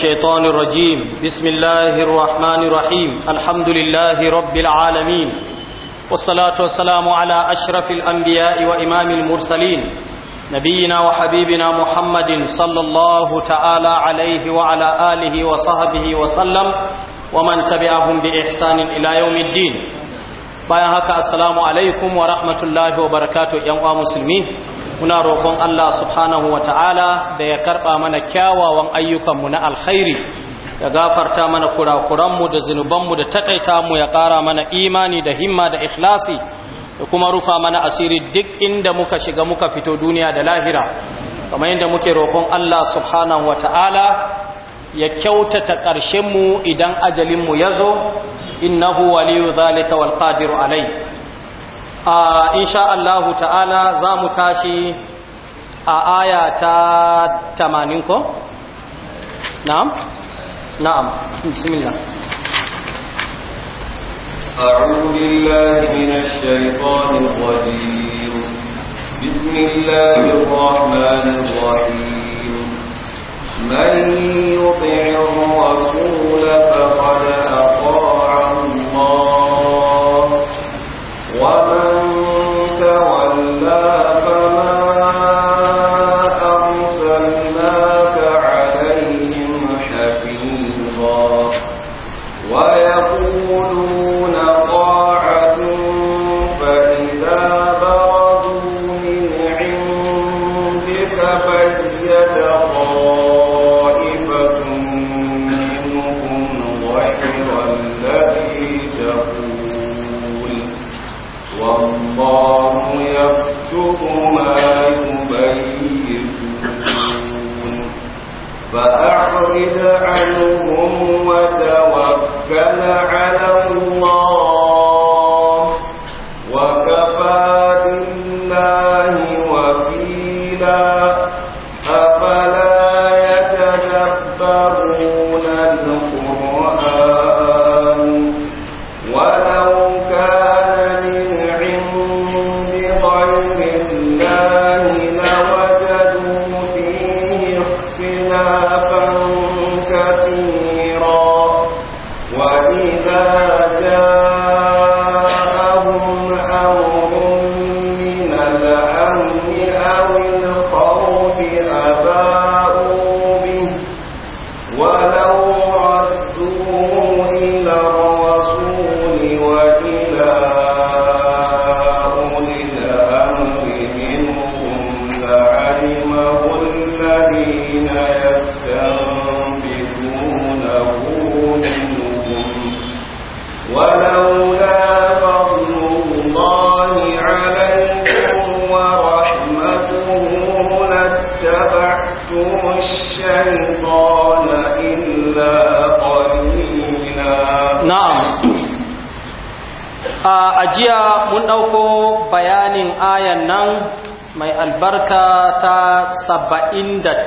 الشيطان الرجيم بسم الله الرحمن الرحيم الحمد لله رب العالمين والصلاة والسلام على أشرف الأنبياء وإمام المرسلين نبينا وحبيبنا محمد صلى الله تعالى عليه وعلى آله وصحبه وسلم ومن تبعهم بإحسان إلى يوم الدين بايا السلام عليكم ورحمة الله وبركاته يا مسلمين muna roƙon Allah subhanahu wa ta'ala da ya karɓa mana kyawawan ayyukanmu na alkhairi ya gafarta mana kurakuranmu da zunubanmu da taƙaita mu ya ƙara mana imani da himma da ikhlasi da kuma rufa mana asiri duk inda muka shiga muka fito duniya da lahira kamar yadda muke roƙon Allah subhanahu wa ta'ala ya kyautata ƙarshenmu idan ajalinmu ya zo innahu waliyu zalika wal qadiru alai a insha Allahu ta'ala za mu tashi a aya ta tamanin ko? na'am? na'am bismillah أعوذ بالله من الشيطان الرجيم بسم الله الرحمن الرحيم من يطع الرسول فقد فأعرض عنهم وتوكل على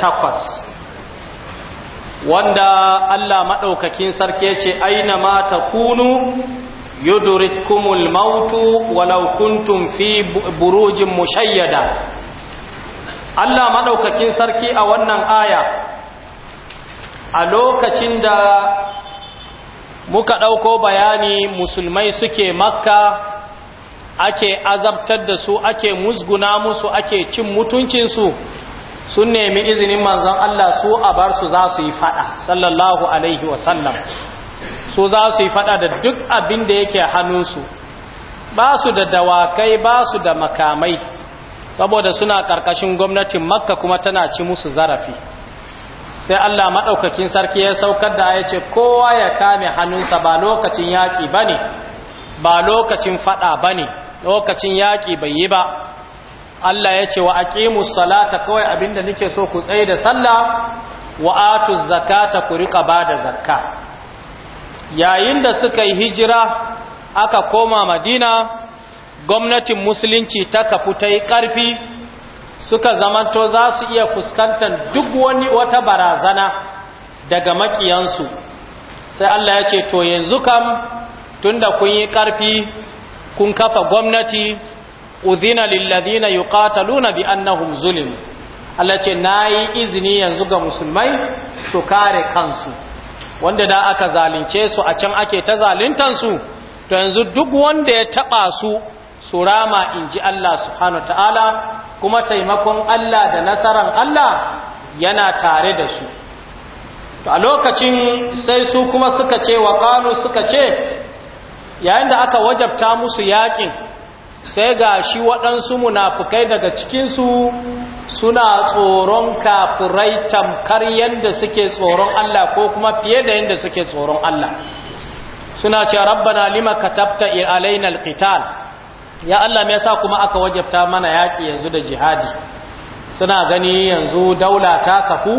takwas wanda Allah maɗaukakin sarki ce aina ma ta kunu yudurikumul mautu walau kuntum fi burujin mushayyada Allah maɗaukakin sarki a wannan aya a lokacin da muka ɗauko bayani musulmai suke makka ake azabtar da su ake musguna musu ake cin mutuncinsu sun nemi izinin manzon Allah su a bar su za su yi fada sallallahu alaihi wasallam su za su yi fada da duk abin da yake hannunsu ba su da dawakai ba su da makamai saboda suna karkashin gwamnatin makka kuma tana ci musu zarafi sai Allah maɗaukakin sarki ya saukar da ya ce kowa ya kame hannunsa ba lokacin yaƙi ba ne ba lokacin fada ba ne lokacin yaƙi bai yi ba Allah ya ce wa aqimu salata kawai abinda nake so ku tsaye da sallah wa atu zakata ku riƙa bada zakka yayin da suka yi hijira aka koma Madina gwamnatin musulunci ta kafu ta yi ƙarfi suka zamanto za su iya fuskantar duk wani wata barazana daga makiyansu sai Allah ya ce to yanzu kam tunda kun yi ƙarfi kun kafa gwamnati udhina lilladhina yuqataluna bi annahum zulim Allah ce nayi izini yanzu ga musulmai su kare kansu wanda da aka zalunce su a can ake ta zaluntan su to yanzu duk wanda ya taba su su rama inji Allah subhanahu ta'ala kuma taimakon Allah da nasaran Allah yana tare da su to a lokacin sai su kuma suka ce wa qalu suka ce yayin da aka wajabta musu yakin sai ga shi waɗansu munafukai daga cikinsu suna tsoron kafurai tamkar yadda suke tsoron Allah ko kuma fiye da yadda suke tsoron Allah suna ce rabbana lima katabta alaina alqital ya Allah me yasa kuma aka wajabta mana yaki yanzu da jihadi suna gani yanzu daula ta kaku.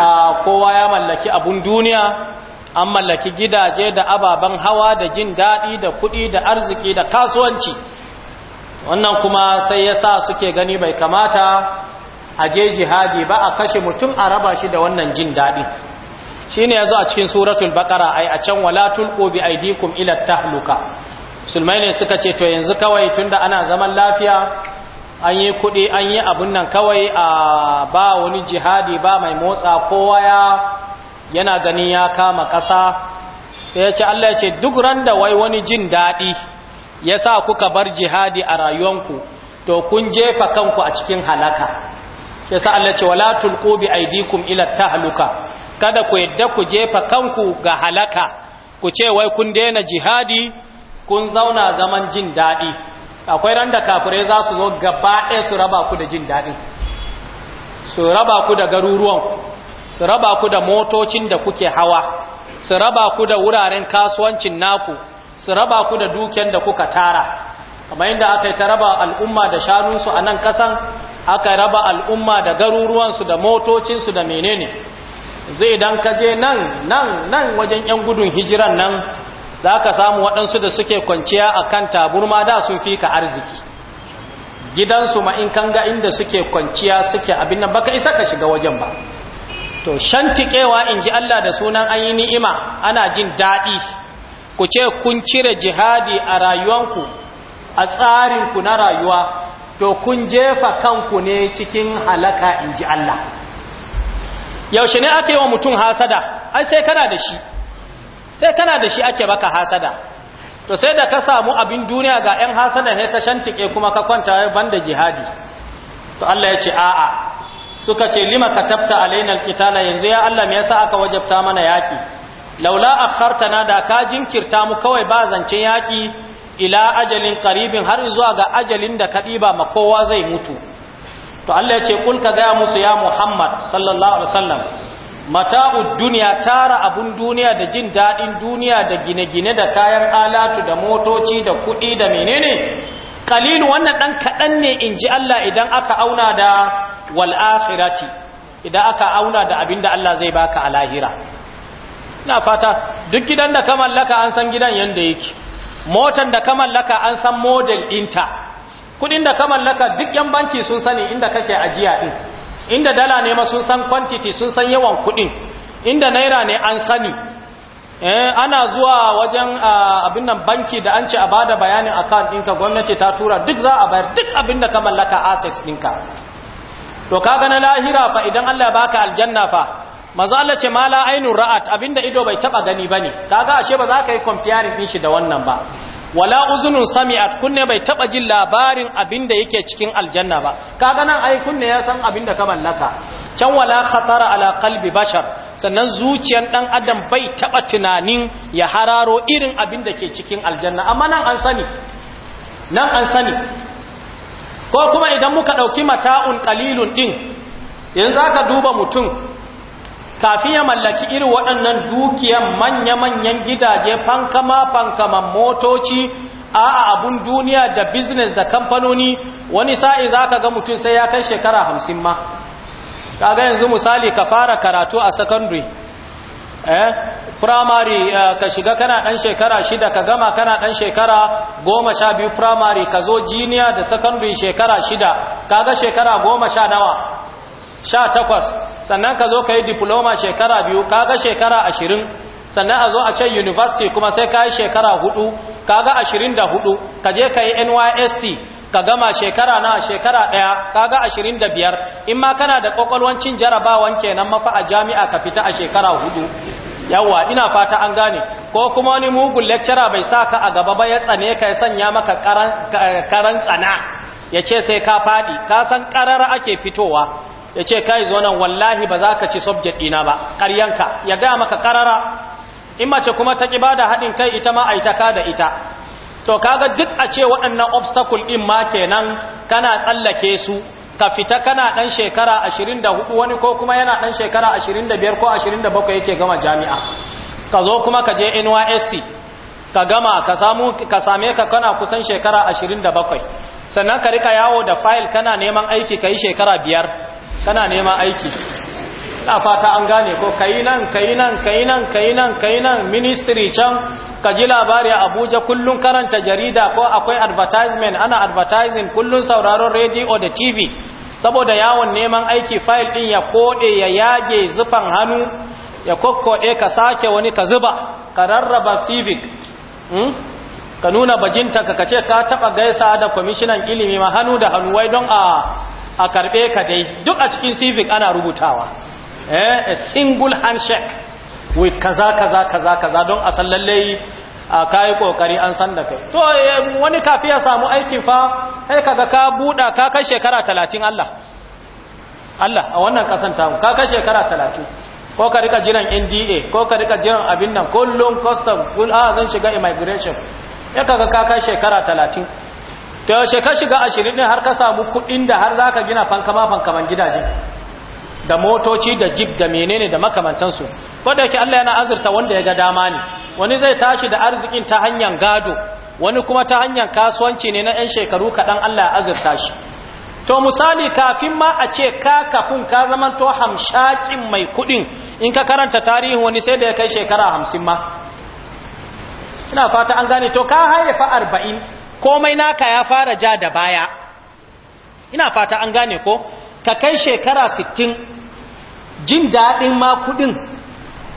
a kowa ya mallaki abun duniya an mallaki gidaje da ababen hawa da jin daɗi da kuɗi da arziki da kasuwanci wannan kuma sai ya sa suke gani bai kamata a je jihadi ba a kashe mutum a raba shi da wannan jin daɗi shi ne ya zo a cikin suratul baƙara ai a can walatul ƙobi aidikum ila tahluka musulmai ne suka ce to yanzu kawai tunda ana zaman lafiya an yi kuɗi an yi abun nan kawai a ba wani jihadi ba mai motsa kowa ya yana ganin ya kama ƙasa sai ya ce Allah ya ce duk randa wai wani jin daɗi ya sa kuka bar jihadi a rayuwanku to kun jefa kanku a cikin halaka ya sa Allah ce wala tulqu bi aidikum ila tahluka kada ku yadda ku jefa kanku ga halaka ku ce wai kun daina jihadi kun zauna zaman jin daɗi akwai randa kafure za su zo gaba ɗaya su raba ku da jin daɗin su raba ku da garuruwan, su raba ku da motocin da kuke hawa su raba ku da wuraren kasuwancin naku su raba ku da duken da kuka tara kamar yadda aka yi ta raba al'umma da shanunsu a nan ƙasan aka raba al'umma da garuruwansu da motocinsu da menene zai dan kaje nan nan nan wajen 'yan gudun hijiran nan za ka samu waɗansu da suke kwanciya a kan taburma da sun fi ka arziki gidansu ma in inda suke kwanciya suke abin nan baka isa ka shiga wajen ba to shan inji in ji Allah da sunan an yi ni'ima ana jin daɗi ku ce kun cire jihadi a rayuwanku a tsarinku na rayuwa to kun jefa kanku ne cikin halaka in ji Allah yaushe ne ake wa mutum hasada ai sai kana da shi sai kana da shi ake baka hasada to sai da ka samu abin duniya ga 'yan hasada sai ka shantike kuma ka kwanta banda jihadi to Allah ya ce a'a suka ce lima tafta alaina kitala yanzu ya Allah me yasa aka wajabta mana yaki laula akhartana da ka jinkirta mu kawai ba zancen yaki ila ajalin qaribin har zuwa ga ajalin da ka diba ma kowa zai mutu to Allah ya ce kun ka ga musu ya Muhammad sallallahu alaihi wasallam mata'ud dunya tara abun duniya da jin dadin duniya da gine-gine da kayan alatu da motoci da kudi, da menene qalilu wannan dan kadan ne inji Allah idan aka auna da wal akhirati idan aka auna da abinda Allah zai baka a lahira ina fata duk gidan da ka mallaka an san gidan yanda yake motan da ka mallaka an san model ɗinta kudin da ka mallaka duk yan banki sun sani inda kake ajiya din inda dala ne ma sun san quantity sun san yawan kudin inda naira ne an sani eh ana zuwa wajen abin nan banki da an ce a bada bayanin account ɗinka gwamnati ta tura duk za a bayar duk abin da ka mallaka assets ɗinka to kaga na lahira fa idan Allah ya baka aljanna fa Maza Allah ce mala ainur ra'at abinda ido bai taba gani bane kaga ashe ba za ka yi comparing din shi da wannan ba wala uzunun sami'at kunne bai taba jin labarin abinda yake cikin aljanna ba kaga nan ai kunne ya san abinda ka mallaka can wala khatara ala qalbi bashar sannan zuciyar dan adam bai taba tunanin ya hararo irin abinda ke cikin aljanna amma nan an sani nan an sani ko kuma idan muka dauki mata'un qalilun din yanzu aka duba mutum kafin ya mallaki irin waɗannan dukiyan manya-manyan gidaje fankama fankama motoci a abun duniya da business da kamfanoni wani sa'i za ka ga mutum sai ya kai shekara hamsin ma Ka ga yanzu misali ka fara karatu a secondary eh primary eh, ka shiga kana dan shekara shida ka gama kana dan shekara goma sha biyu primary ka zo junior da secondary shekara shida ka ga shekara goma sha nawa sha takwas sannan ka zo ka yi diploma shekara biyu kaga shekara ashirin sannan a zo a ce university kuma sai ka yi shekara hudu kaga ashirin da hudu ka je ka yi nysc ka gama shekara na shekara daya kaga ashirin da biyar in ma kana da kwakwalwancin jarabawan kenan mafa a jami'a ka fita a shekara hudu Yawwa ina fata an gane ko kuma wani mugun lecturer bai sa ka a gaba ba ya tsane ka ya sanya maka karan tsana ya ce sai ka faɗi ka san ƙarara ake fitowa ya ce kai zo nan wallahi ba za ka ci subject ɗina ba ƙaryanka ya gaya maka ƙarara in mace kuma ta ƙi bada haɗin kai ita ma da ita to kaga duk a ce waɗannan obstacle ɗin ma kenan kana tsallake su ka fita kana ɗan shekara 24 wani ko kuma yana ɗan shekara 25 ko 27 yake gama jami'a ka zo kuma ka je nysc ka gama ka same ka kana kusan shekara 27 sannan ka rika yawo da file kana neman aiki kai shekara biyar kana neman aiki na fata an gane ko kayi nan kayi nan kayi nan nan nan ministry can ka ji labari a abuja kullum karanta jarida ko akwai advertisement ana advertising kullum sauraron radio da tv saboda yawon neman aiki fayil din ya kode ya yage zufan hannu ya kokkode ka sake wani ka zuba ka rarraba civic hmm? ka nuna bajinta ka kace ka taba gaisa da kwamishinan ilimi ma hannu da hannu wai don a ah, a karbe ka dai duk a cikin civic ana rubutawa eh a single handshake with kaza kaza kaza kaza don a san lalle a kai kokari an san da kai to eh, wani kafi ya samu aikin fa sai kaga ka buda ka kai shekara 30 Allah Allah a wannan kasan mu ka kai shekara 30 ko ka rika jiran NDA ko ka rika jiran abin nan kullum custom kullum a zan shiga immigration ya kaga ka kai shekara 30 ta yaushe ka shiga ashirin ɗin har ka samu kuɗin da har za ka gina fankama fankaman gidaje da motoci da jib da menene da makamantansu wadda ke Allah yana azurta wanda ya ga dama ne wani zai tashi da arzikin ta hanyar gado wani kuma ta hanyar kasuwanci ne na 'yan shekaru kaɗan Allah ya azurta shi to misali kafin ma a ce ka kafin ka zaman to hamshakin mai kuɗin in ka karanta tarihin wani sai da ya kai shekara hamsin ma ina fata an gane to ka haifa arba'in komai naka ya fara ja da baya ina fata an gane ko ka kai shekara 60 jin daɗin ma kuɗin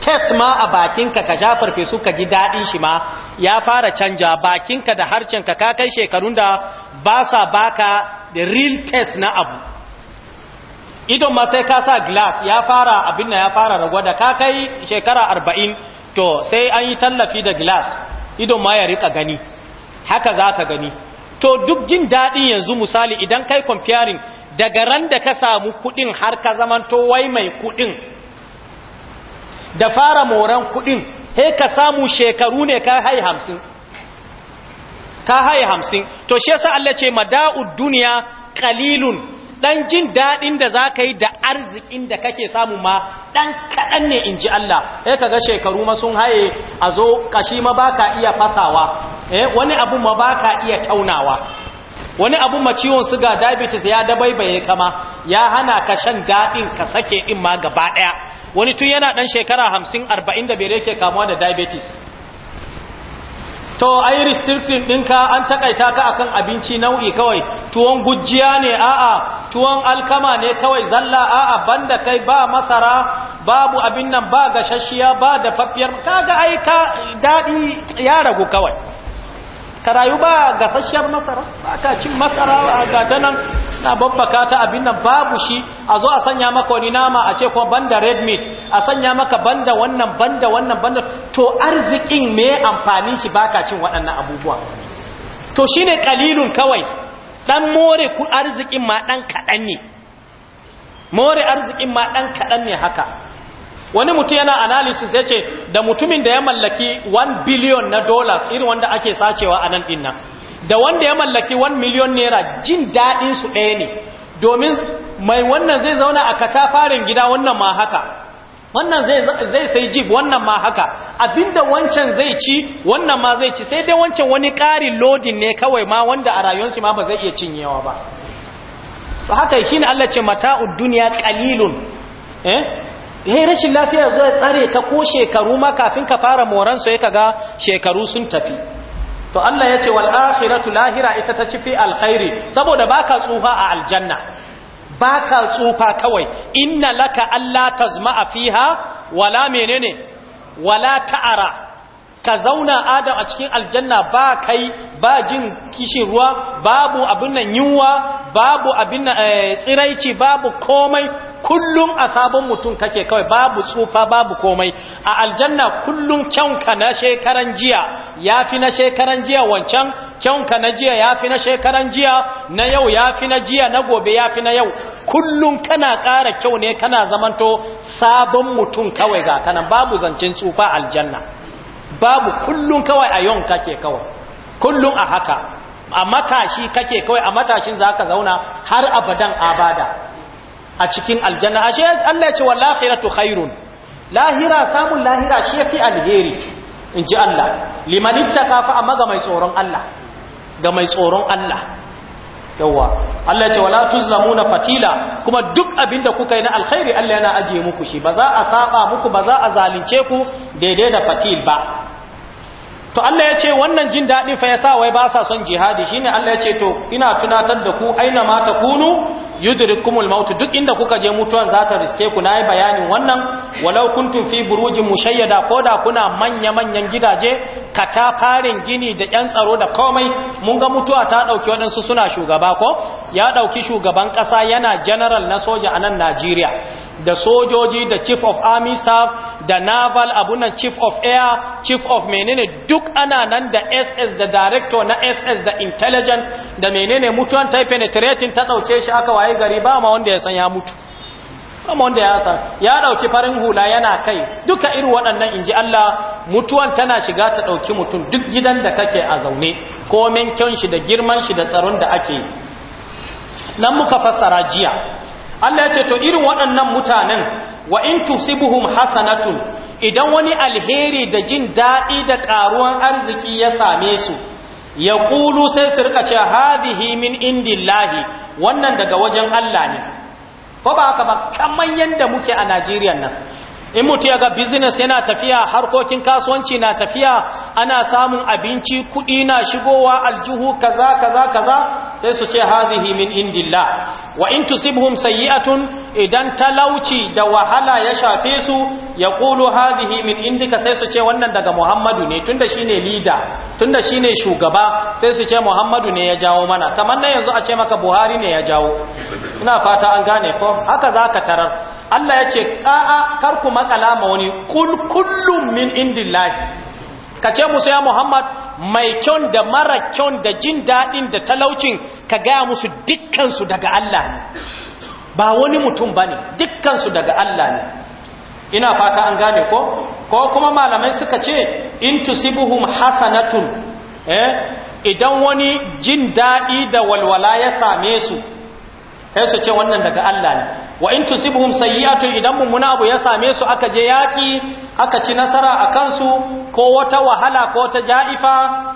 test ma a bakinka ka jafarfe su ka ji daɗin shi ma ya fara canja bakinka da harcenka ka kai shekarun da ba sa baka da real test na abu idon ma sai ka sa glass ya fara abin ya fara ragwada ka kai shekara 40 to sai an yi tallafi da glass idon ma ya rika gani haka za ka gani to duk jin daɗin yanzu misali idan kai comparing daga ran da ka samu kuɗin har ka zamanto wai mai kuɗin da fara moran kuɗin he ka samu shekaru ne ka hai hamsin ka hai hamsin to shi yasa Allah ce mada'ud duniya qalilun ɗan jin daɗin da za ka yi da arzikin da kake samu ma ɗan kaɗan ne in ji Allah ya eh, ka ga shekaru ma sun haye a zo kashi ma ba ka iya fasawa eh, wani abu ma ba ka iya taunawa wani abu ma ciwon suga diabetes ya dabaibaye kama ya hana ka shan daɗin ka sake in ma gaba ɗaya wani tun yana ɗan shekara hamsin arba'in da bere yake kamuwa da diabetes to yi restrictive ɗinka an takaita ka akan abinci nau'i kawai tuwon gujiya ne a'a tuwon alkama ne kawai zalla a'a banda kai ba masara babu abin nan ba gashashiya ba da fafiyar kaga ai ka daɗi ya ragu kawai ka rayu ba gasasshiyar masara ba ka cin masara a gadanan na babbaka ta abin nan babu shi a zo a sanya maka wani nama a ce kuma banda red meat a sanya maka banda wannan banda wannan banda to arzikin me amfani shi baka cin waɗannan abubuwa to shine kalilun kawai dan more ku arzikin ma dan kadan ne more arzikin ma dan kadan ne haka wani mutum yana analysis ya ce da mutumin da ya mallaki 1 billion na dollars irin wanda ake sacewa a nan din da wanda ya mallaki 1 million naira jin dadin su ɗaya ne domin mai wannan zai zauna a katafaren gida wannan ma haka wannan zai sai jib wannan ma haka abinda wancan zai ci wannan ma zai ci sai dai wancan wani ƙarin lodin ne kawai ma wanda a rayuwarsu ma ba zai iya cinyewa ba to haka shi ne Allah ce mata'ud duniya qalilun eh eh rashin lafiya zai tsare ta ko shekaru ma kafin ka fara moran sai ga shekaru sun tafi to Allah ya ce wal akhiratu lahira ita ta ci fi alkhairi saboda baka tsufa a aljanna ba ka tsufa kawai inna laka Allah tazma'a fiha wala menene wala ta'ara ka zauna adam a cikin aljanna ba kai ba jin kishin ruwa babu abin nan yunwa babu abin nan eh, tsiraici babu komai kullum a sabon mutum kake kawai babu tsufa babu komai a aljanna kullum kyanka na shekaran jiya ya fi na shekaran jiya wancan kyanka na jiya ya fi na shekaran jiya na yau ya fi na jiya na gobe ya fi na yau kullum kana ƙara kyau ne kana zamanto sabon mutum kawai ga kanan babu zancen tsufa aljanna babu kullum kawai a yon kake kawai kullum a haka a matashi kake kawai a matashin za ka zauna har abadan abada a cikin aljanna ashe Allah ya ce wal akhiratu khairun lahira samun lahira shi fi alheri in ji Allah liman ittaka fa amma ga mai tsoron Allah ga mai tsoron Allah yawa Allah ce wala tuzlamuna fatila kuma duk abinda kuka yi na alkhairi Allah yana ajiye muku shi ba za a saba muku ba za a zalunce ku daidai da fatil ba to Allah ya ce wannan jin daɗin fa yasa wai ba sa son jihadi shine Allah ya ce to ina tunatar da ku aina ma kunu. yudrikumul maut duk inda kuka je mutuwa za ta riske ku nayi bayanin wannan walau kuntum fi burujin mushayyada da kuna manya manyan gidaje katafarin gini da yan tsaro da komai mun ga mutuwa ta dauki wadansu suna shugaba ko ya dauki shugaban kasa yana general na soja a nan Najeriya da sojoji da chief of army staff da naval abunan chief of air chief of menene duk ana nan da SS da director na SS da intelligence da menene mutuwan ta penetrating ta dauke shi aka waya. wayi gari ba ma wanda ya san ya mutu ba ma wanda ya san ya dauki farin hula yana kai duka irin waɗannan inji Allah mutuwan tana shiga ta dauki mutum duk gidan da kake a zaune komen kyan shi da girman shi da tsaron da ake nan muka fassara jiya Allah ya ce to irin waɗannan mutanen wa in tusibuhum hasanatun idan wani alheri da jin daɗi da ƙaruwan arziki ya same su ya ƙulu sai su rika ce hadihi min indillahi wannan daga wajen Allah ne ko ba haka ba kamar yadda muke a Najeriya nan in mutu ya ga business yana tafiya harkokin kasuwanci na tafiya ana samun abinci kuɗi na shigowa aljihu kaza kaza kaza sai su ce hazihi min indillah wa in tusibhum sayi'atun idan talauci da wahala ya shafe su ya hazihi min indika sai su ce wannan daga Muhammadu ne tunda shine leader tunda shine shugaba sai su ce Muhammadu ne ya jawo mana kamar nan yanzu a ce maka Buhari ne ya jawo ina fata an gane ko haka zaka tarar Allah ya ce ƙa'a ku makala ma wani kullum min lahi ka ce musu ya Muhammad mai kyon da mara kyon da jin daɗin da talaucin ka gaya musu dukkansu daga Allah ne ba wani mutum ba ne dukkansu daga Allah ne ina fata an gane ko ko kuma malamai suka ce in tusibuhum hasanatun eh idan wani jin daɗi da walwala ya same su sai su ce wannan daga Allah ne wa in tusibhum sayyi'atun idan mummuna abu ya same su aka je yaki aka ci nasara a kansu ko wata wahala ko ta ja'ifa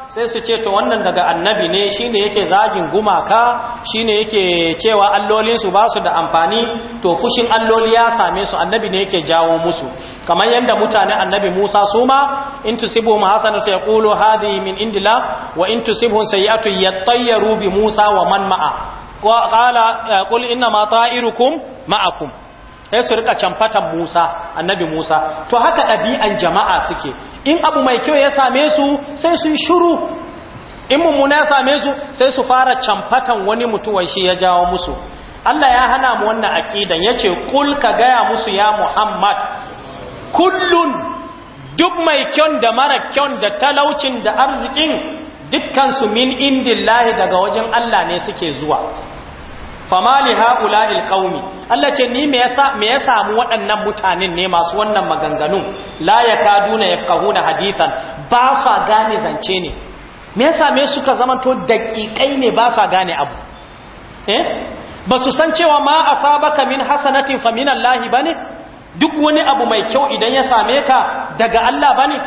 sai su ce to wannan daga annabi ne shine yake zagin gumaka shine yake cewa allolin su ba su da amfani to fushin alloli ya same su annabi ne yake jawo musu kamar yadda mutanen annabi Musa suma in tusibhum hasanatu yaqulu hadhihi min indillah wa in tusibhum sayyi'atun yattayyaru bi Musa wa man ma'a qala qul inna ma ta'irukum ma'akum sai su rika camfatan Musa annabi Musa to haka ɗabi'an jama'a suke in abu mai kyau ya same su sai sun shuru in mummuna ya same su sai su fara camfatan wani mutuwan shi ya jawo musu Allah ya hana mu wannan aqidan yace kulka ka gaya musu ya Muhammad kullun duk mai kyon da mara kyon da talaucin da arzikin dukkan su min indillahi daga wajen Allah ne suke zuwa Famali li ha'ula'il qaumi Allah ce ni me ya samu waɗannan mutanen ne masu wannan maganganun la yakaduna yafqahuna hadithan ba sa gane zance ne me yasa me suka zamanto daƙiƙai ne ba sa gane abu eh ba su san cewa ma ka min hasanatin fa min ba bane duk wani abu mai kyau idan ya same ka daga Allah bane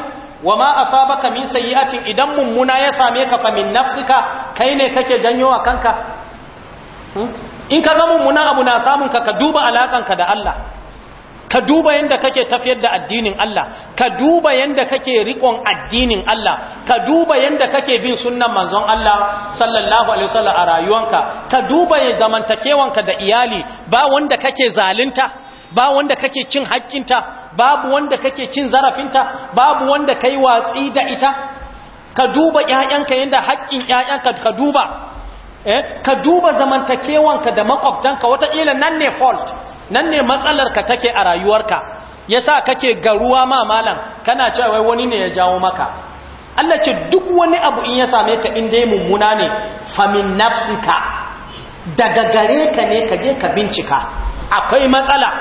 wa ma ka min sayyi'atin idan mummuna ya same ka fa min nafsika kai ne kake janyo wa kanka hmm? in ka zama muna abu na samun ka ka duba alaƙanka da Allah ka duba yadda kake tafiyar da addinin Allah ka duba yadda kake riƙon addinin Allah ka duba yadda kake bin sunnan manzon Allah sallallahu alaihi wasallam a rayuwanka ka duba zamantakewanka da iyali ba wanda kake zalunta ba wanda kake cin hakkinta babu wanda kake cin zarafinta babu wanda kai watsi da ita ka duba ƴaƴanka yadda haƙƙin ƴaƴanka ka duba eh ka duba zamantakewanka da makwabtanka wataƙila nan ne fault nan ne matsalarka take a rayuwarka yasa kake garuwa ma malam kana cewa wai wani ne ya jawo maka Allah ce duk wani abu in ya same ka in dai mummuna ne famin nafsika daga gare ka ne ka je ka bincika akwai matsala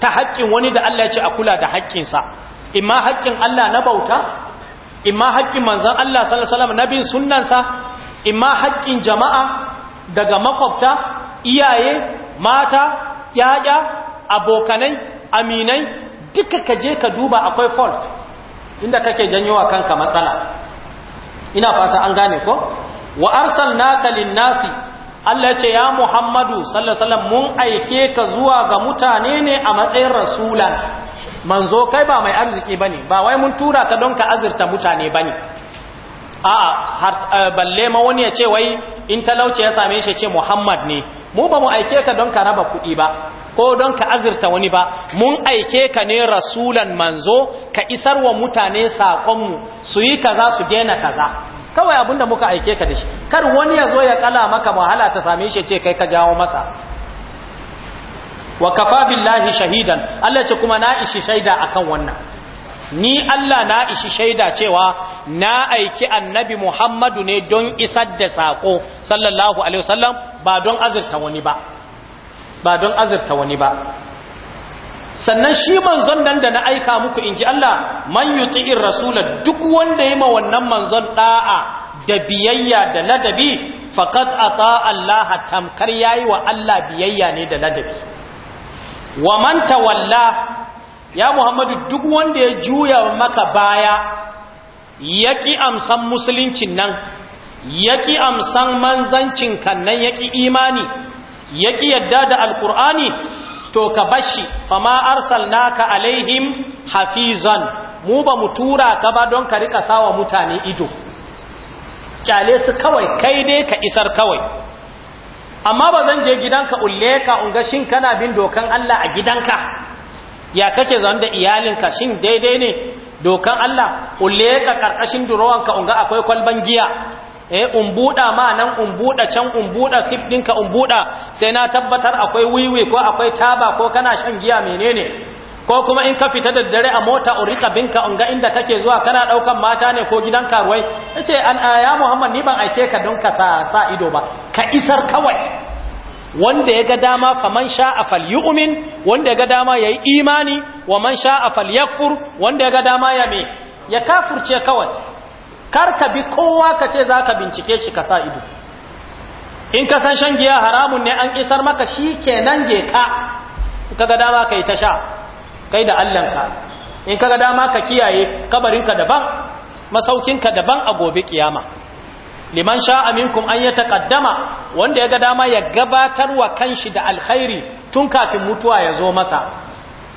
ta haƙƙin wani da Allah ya ce a kula da haƙƙinsa imma haƙƙin Allah na bauta imma haƙƙin manzon Allah sallallahu alaihi wasallam nabin sunnansa imma haƙƙin jama'a daga makwabta iyaye mata yaya abokanai aminai duka ka je ka duba akwai fault inda kake janyo wa kanka matsala ina fata an gane ko wa arsalnaka lin-nasi Allah ya ce ya Muhammadu sallallahu alaihi mun aike ka zuwa ga mutane ne a matsayin rasulan manzo kai ba mai arziki bane ba wai mun tura ka don ka azurta mutane bane a eh, balle ma wani ya ce wai in talauci ya same shi ce muhammad ne mu ba mu aike ka don ka raba kuɗi ba ko don ka azurta wani ba mun aike ka ne rasulan manzo ka isar wa mutane saƙonmu su yi kaza su daina kaza kawai abinda muka aike ka da shi kar wani ya zo ya kala maka wahala ta same shi ce kai ka jawo masa wa kafa billahi shahidan Allah ce kuma na ishi shaida akan wannan ni Allah na ishi shaida cewa na aiki annabi Muhammadu ne don isar da sako sallallahu alaihi wasallam ba don azurta wani ba ba don azurta wani ba sannan shi manzon nan da na aika muku inji Allah man yuti'ir rasula duk wanda yayi ma wannan manzon da'a da biyayya da ladabi faqad ata Allah tamkar yayi wa Allah biyayya ne da ladabi wa man tawalla ya muhammadu duk wanda ya juya maka baya ya ki amsan musuluncin nan ya ki amsan manzancin kan nan ya ki imani ya ki yadda da alkur'ani to ka bashi arsalna ka alaihim hafizan mu ba mu tura ka ba don ka rika sawa mutane ido kyale su kawai kai dai ka isar kawai amma ba zan je gidanka ulle ka shin kana bin dokan Allah a gidanka ya kake zaune da iyalinka shin daidai ne dokan Allah ulle ka karkashin durowanka unga akwai kwalban giya eh umbuda ma nan umbuda can umbuda sif dinka umbuda sai na tabbatar akwai wiwi ko akwai taba ko kana shan giya menene ko kuma in ka fita da dare a mota urika binka unga inda kake zuwa kana daukan mata ne ko gidan karuwai yace an Aya Muhammad ni ban aike ka don ka sa, sa ido ba ka isar kawai wanda ya ga dama faman sha'a yu'min wanda ya ga dama yayi imani wa man sha'a yakfur wanda ya ga dama ya me ya kafurce kawai kar ka bi kowa ka ce zaka bincike shi ka sa ido in ka san shan haramun ne an isar maka shikenan je ka ka ga dama kai ta sha kai da ka. in ka ga dama ka kiyaye kabarinka daban masaukinka daban a gobe kiyama liman sha'a minkum an yataqaddama wanda ya ga dama ya gabatar wa kanshi da alkhairi tun kafin mutuwa ya zo masa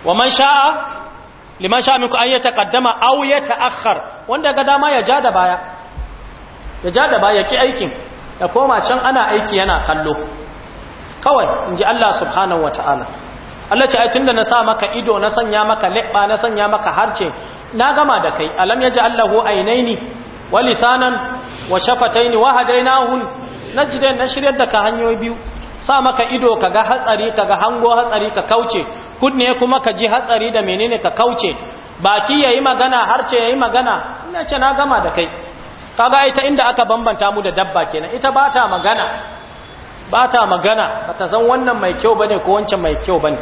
wa man sha'a liman sha'a minkum an yataqaddama aw yata'akhkhar wanda ya ga dama ya ja da baya ya ja baya ki aikin ya koma can ana aiki yana kallo kawai in ji Allah subhanahu wataala Allah ce ai tunda na sa maka ido na sanya maka leɓa na sanya maka harce na gama da kai alam yaji Allahu ni? wa lisanan wa shafataini wa hadainahu najdain na shiryar da ka hanyoyi biyu sa maka ido ka ga hatsari ka ga hango hatsari ka kauce kunne kuma ka ji hatsari da menene ka kauce baki yayi magana harce yayi magana ina ce na gama da kai kaga ita inda aka bambanta mu da dabba kenan ita ba ta magana ba ta magana bata san wannan mai kyau bane ko wancan mai kyau bane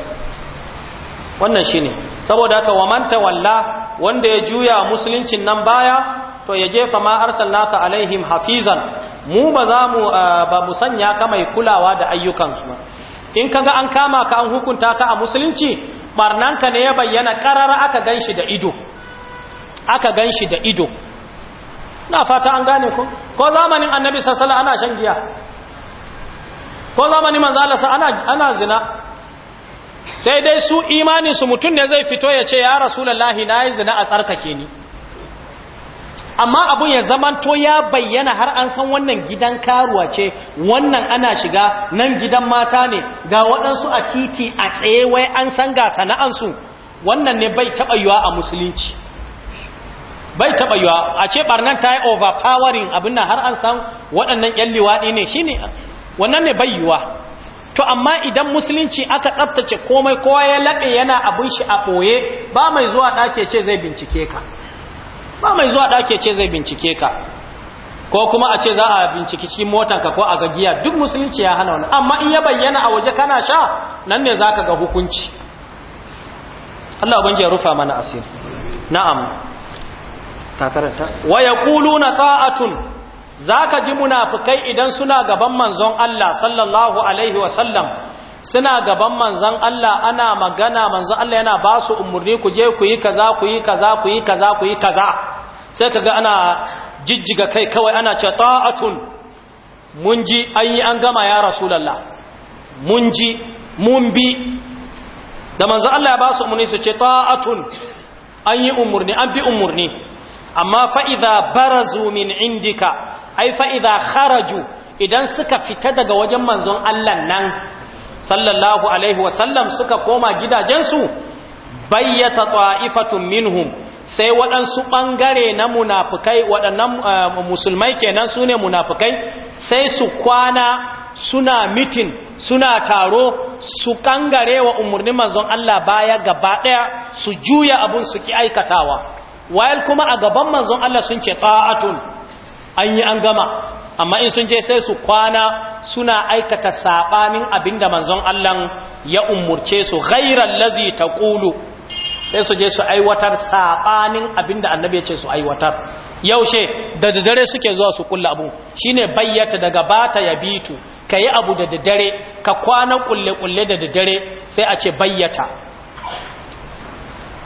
wannan shine saboda haka wamanta walla wanda ya juya musuluncin nan baya to ya jefa ma arsalnaka alaihim hafizan mu ba za mu ba mu sanya ka mai kulawa da ayyukan su in kaga an kama ka an hukunta ka a musulunci barnanka ne ya bayyana karara aka ganshi da ido aka ganshi da ido na fata an gane ku ko zamanin annabi sallallahu ana shan giya ko zamanin manzo Allah ana ana zina sai dai su imanin su mutun ne zai fito ya ce ya rasulullahi nayi zina a tsarkake ni amma abun ya zamanto ya bayyana har an san wannan gidan karuwa ce wannan ana shiga nan gidan mata ne ga waɗansu a titi a tsaye wai an san ga sana'ansu wannan ne bai taɓa yiwa a musulunci bai taɓa yiwa a ce ɓarnan ta yi overpowering abin nan har an san waɗannan ƴan liwaɗi ne shi ne wannan ne bai yiwa to amma idan musulunci aka tsabtace komai kowa ya laɓe yana abin shi a ɓoye ba mai zuwa ɗake ce zai bincike ka ba mai zuwa ɗaki ce zai bincike ka ko kuma a ce za a binciki cikin motanka ko a gagiya duk musulunci ya hana wani amma in ya bayyana a waje kana sha nan ne za ka ga hukunci Allah ban ya rufa mana asiri na'am takaranta wa yaquluna ta'atun zaka ji munafukai idan suna gaban manzon Allah sallallahu alaihi wa suna gaban manzan Allah ana magana manzan Allah yana ba su umarni ku je ku yi kaza ku yi kaza ku yi kaza ku yi kaza sai kaga ana jijjiga kai kawai ana ce ta'atun mun ji an yi an gama ya rasulullah mun ji mun bi da manzan Allah ya ba su umarni su ce ta'atun an yi umarni an bi umarni amma fa'iza barazu min indika ai fa'iza kharaju idan suka fita daga wajen manzon Allah nan sallallahu alaihi wasallam suka koma gidajensu bayyata ta'ifatun minhum sai waɗansu ɓangare na munafukai waɗannan eh, musulmai kenan su ne munafukai sai su kwana suna mitin suna taro su ƙangare wa umarnin manzon Allah baya gaba ɗaya su juya abun su ki aikatawa wayal kuma a gaban manzon Allah sun ce ta'atun an yi an gama amma in sun je sai su kwana suna aikata saɓanin abinda manzon Allah ya umurce su ghairal lazi ta ƙulu sai su je su aiwatar saɓanin abinda annabi ya ce su aiwatar yaushe da daddare suke zuwa su kulla abu shine bayyata daga bata ya bitu ka abu da daddare ka kwana kulle-kulle da daddare sai a ce bayyata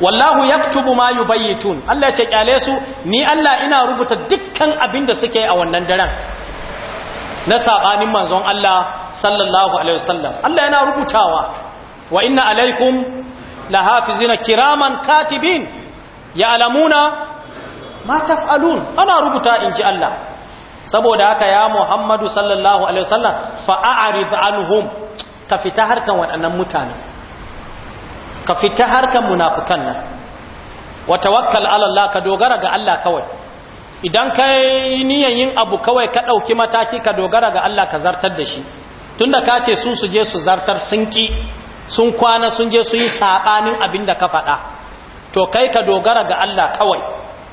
wallahu yaktubu ma yubayyitun Allah ce kyale su ni Allah ina rubuta dukkan abin da suke a wannan daren na sabanin manzon Allah sallallahu alaihi wasallam Allah yana rubutawa wa inna alaikum lahafizina kiraman katibin ya'lamuna ma taf'alun ana rubuta inji Allah saboda haka ya Muhammadu sallallahu alaihi wasallam fa'arid anhum ka fita harkan waɗannan mutane ka fita harkar munafukan nan wa tawakkal ala Allah ka dogara ga Allah kawai idan kai niyan yin abu kawai ka ɗauki mataki ka dogara ga Allah ka zartar da shi tunda ka ce su su su zartar sun ki sun kwana sun je su yi saɓanin abinda ka faɗa to kai ka dogara ga Allah kawai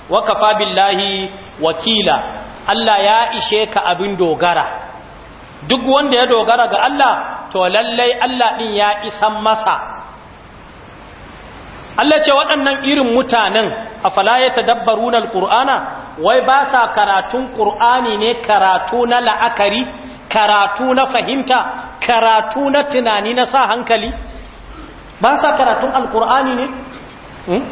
wa kafa billahi wakila Allah ya ishe ka abin dogara duk wanda ya dogara ga Allah to lallai Allah din ya isan masa Allah ce waɗannan irin mutanen a falaye ta dabbarunar ƙur'ana wai ba sa karatun ƙur'ani ne karatu na la'akari karatu na fahimta karatu na tunani na sa hankali ba sa karatun al’ur'ani ne hmm?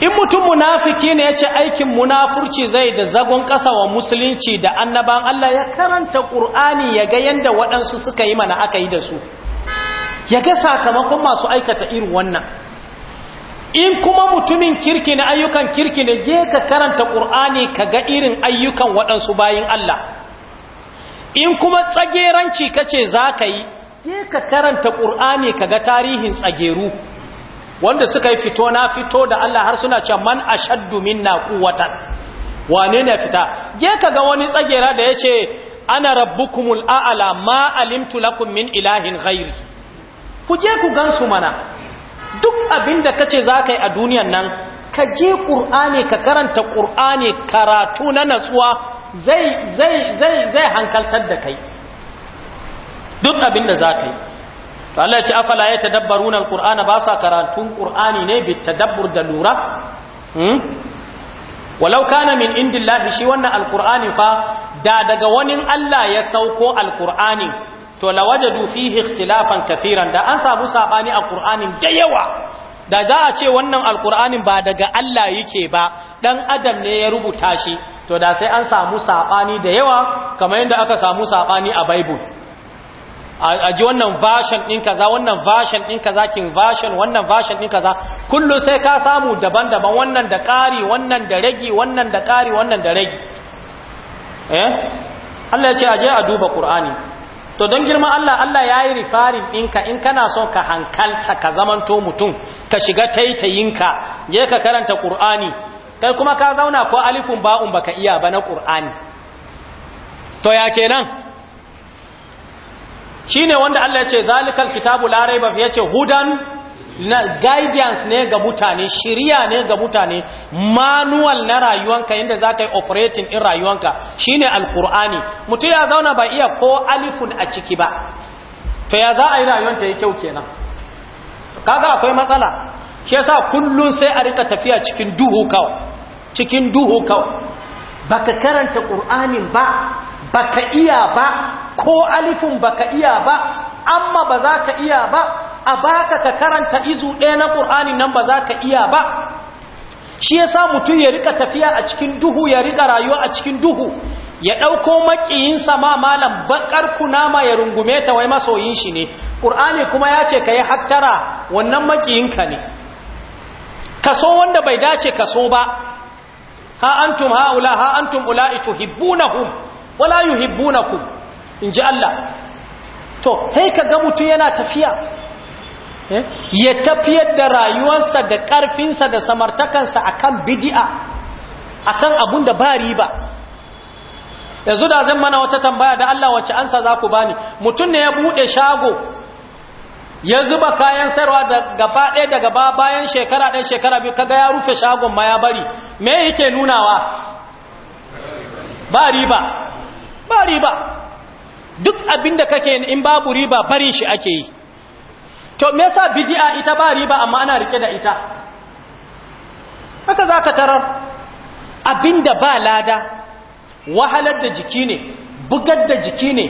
in mutum munafiki ne ya ce aikin munafurci zai da zagon ƙasa wa musulunci da annaban Allah ya karanta ƙur'ani ya ga yadda waɗansu suka yi mana aka yi da su ya ga sakamakon masu aikata irin wannan in kuma mutumin kirki na ayyukan kirki ne je ka karanta ƙur'ani ka ga irin ayyukan waɗansu bayin Allah in kuma tsageranci kace za ka yi je ka karanta ƙur'ani ka ga tarihin tsageru wanda suka yi fito na fito da Allah har suna ce man ashaddu minna quwwatan wane ne fita je ka ga wani tsagera da yace ana rabbukumul a'la ma alimtu lakum min ilahin ghairi ku je ku gansu mana duk abinda ce za ka yi a duniyan nan ka je ƙur'ani ka karanta ƙur'ani karatu na natsuwa zai zai zai zai hankaltar da kai duk da za ka yi to Allah ya ce afala ya tadabbaruna alqur'ana ba sa karatun qur'ani ne bi tadabbur da lura hmm? walau kana min indillahi shi wannan alqur'ani fa da daga wani Allah ya sauko alqur'ani to lawajadu fihi ikhtilafan kafiran da an samu sabani a qur'anin da yawa da za a ce wannan alqur'anin ba daga Allah yake ba dan adam ne ya rubuta shi to da sai an samu sabani da yawa kamar yadda aka samu sabani a bible a ji wannan version ɗin kaza wannan version ɗin kaza kin version wannan version ɗin kaza kullum sai ka samu daban-daban wannan da ƙari wannan da ragi wannan da ƙari wannan da ragi eh Allah ya ce aje a duba Qur'ani to don girma Allah Allah ya yi rifarin ɗinka in kana son ka hankalta ka zamanto mutum ka shiga taitayinka je ka karanta ƙur'ani kai kuma ka zauna ko alifin ba'un baka iya ba na ƙur'ani to ya kenan shine wanda Allah ya ce zalikal kitabu Larai raiba ya ce hudan na guidance ne ga mutane shiriya ne ga mutane manual na rayuwanka yadda za ka yi operating in rayuwanka shine alkur'ani mutum ya zauna ba iya ko alifun a ciki ba to ya za a yi rayuwan ta ya kyau kenan kaga akwai matsala shi sa kullum sai a rika tafiya cikin duhu kawai cikin duhu kawai ka karanta kur'ani ba ba ka iya ba ko alifun ka iya ba amma ba za ka iya ba a baka ka karanta izu ɗaya na ƙur'ani nan ba za ka iya ba shi ya sa mutum ya rika tafiya a cikin duhu ya rika rayuwa a cikin duhu ya ɗauko maƙiyinsa ma malam baƙar kunama ya rungume ta wai masoyin shi ne ƙur'ani kuma ya ce ka yi hattara wannan maƙiyinka ne kaso wanda bai dace kaso ba ha antum haula ha antum ito tuhibbunahum wala yuhibbunakum in ji Allah to haika ka ga mutum yana tafiya Eh? ya tafiyar da rayuwarsa ga ƙarfinsa da samartakansa a akan bidi'a kan abun da ba riba Ya zan mana wata tambaya da Allah wacce ansa za ku bani mutum ne ya buɗe shago ya zuba kayan sarwa da gaba ɗaya daga ba bayan shekara ɗaya shekara biyu kaga ya rufe shagon ma ya bari me yake nunawa ba riba ba riba duk abin da kake in babu riba bari shi ake yi to me yasa bid'a ita ba riba amma ana rike da ita haka zaka tarar abinda ba lada wahalar da jiki ne bugar da jiki ne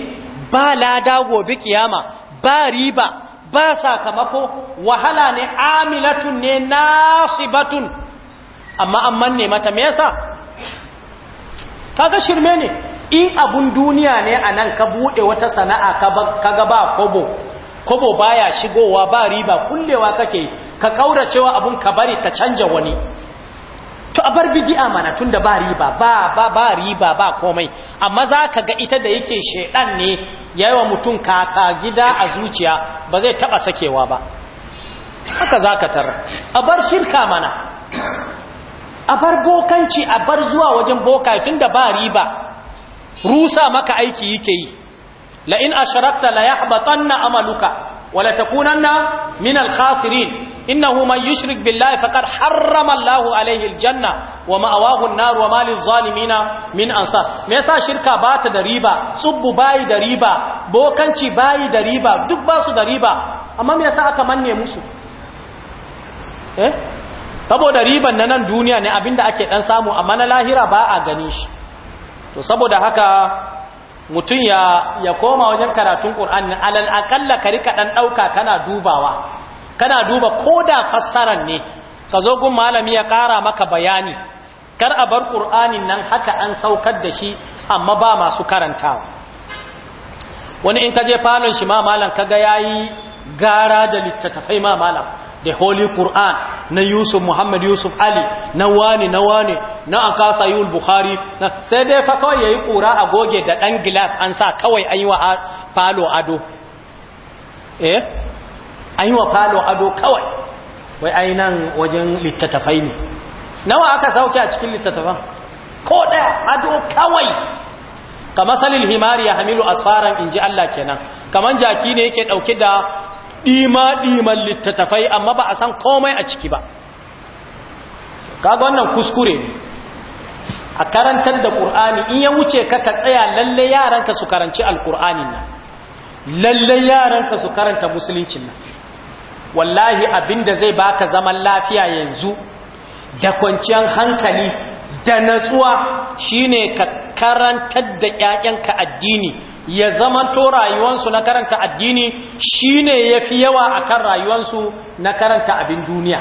ba lada gobe kiyama ba riba ba sakamako wahala ne amilatun ne nasibatun amma an manne mata me yasa kaga shirme ne in abun duniya ne anan ka bude wata sana'a ka ga ba kobo kobo baya shigowa ba riba kullewa kake ka kaura cewa abun ka bari ta canja wani to a bar bidi'a mana tunda ba riba ba ba ba riba ba komai amma za ka ga ita da yake shedan ne yayawa mutum kaka gida a zuciya ba zai taba sakewa ba haka za ka a bar shirka mana a bar bokanci a bar zuwa wajen boka tunda ba riba rusa maka aiki yake yi la in asharakta la na amaluka wa la takunanna min al-khasirin innahu man yushrik billahi faqad harrama lahu alaihil janna wa ma'awahun an-nar zalimina min ansar me yasa shirka ba ta da riba tsubbu bayi da riba bokanci bayi da riba duk ba su da riba amma me yasa aka manne musu eh saboda riban na nan duniya ne abinda ake ɗan samu amma na lahira ba a gani shi to saboda haka mutum ya koma wajen karatun Qur'ani alal akalla ka rika ɗan ɗauka kana dubawa kana duba ko da fassaran ne ka zo gun malami ya ƙara maka bayani kar a bar ƙur'ani nan haka an saukar da shi amma ba masu karantawa wani in ka je falon shi ma malam ka ga ya yi gara da littattafai ma malam the holy quran na yusuf muhammad yusuf ali na wani na wani na akasa yul bukhari sai dai fa kawai yayi kura a goge da dan glass an sa kawai an yi wa falo ado eh an yi wa falo ado kawai wai ai nan wajen littattafai ne nawa aka sauke a cikin littatafan ko ɗaya ado kawai kamar salil himari ya hamilu asfaran in ji Allah kenan kaman jaki ne yake ɗauke da ɗima-ɗiman littattafai amma ba a san komai a ciki ba kaga wannan kuskure a karantar da ƙur'ani in ya wuce ka ka tsaya lalle yaranka su karanci alƙur'anin nan lalle yaranka su karanta musuluncin nan wallahi abinda zai baka zaman lafiya yanzu da kwanciyar hankali da natsuwa shine ka karantar da ƴaƴanka addini ya zamanto to rayuwansu na karanta addini shine yafi yawa akan rayuwansu na karanta abin duniya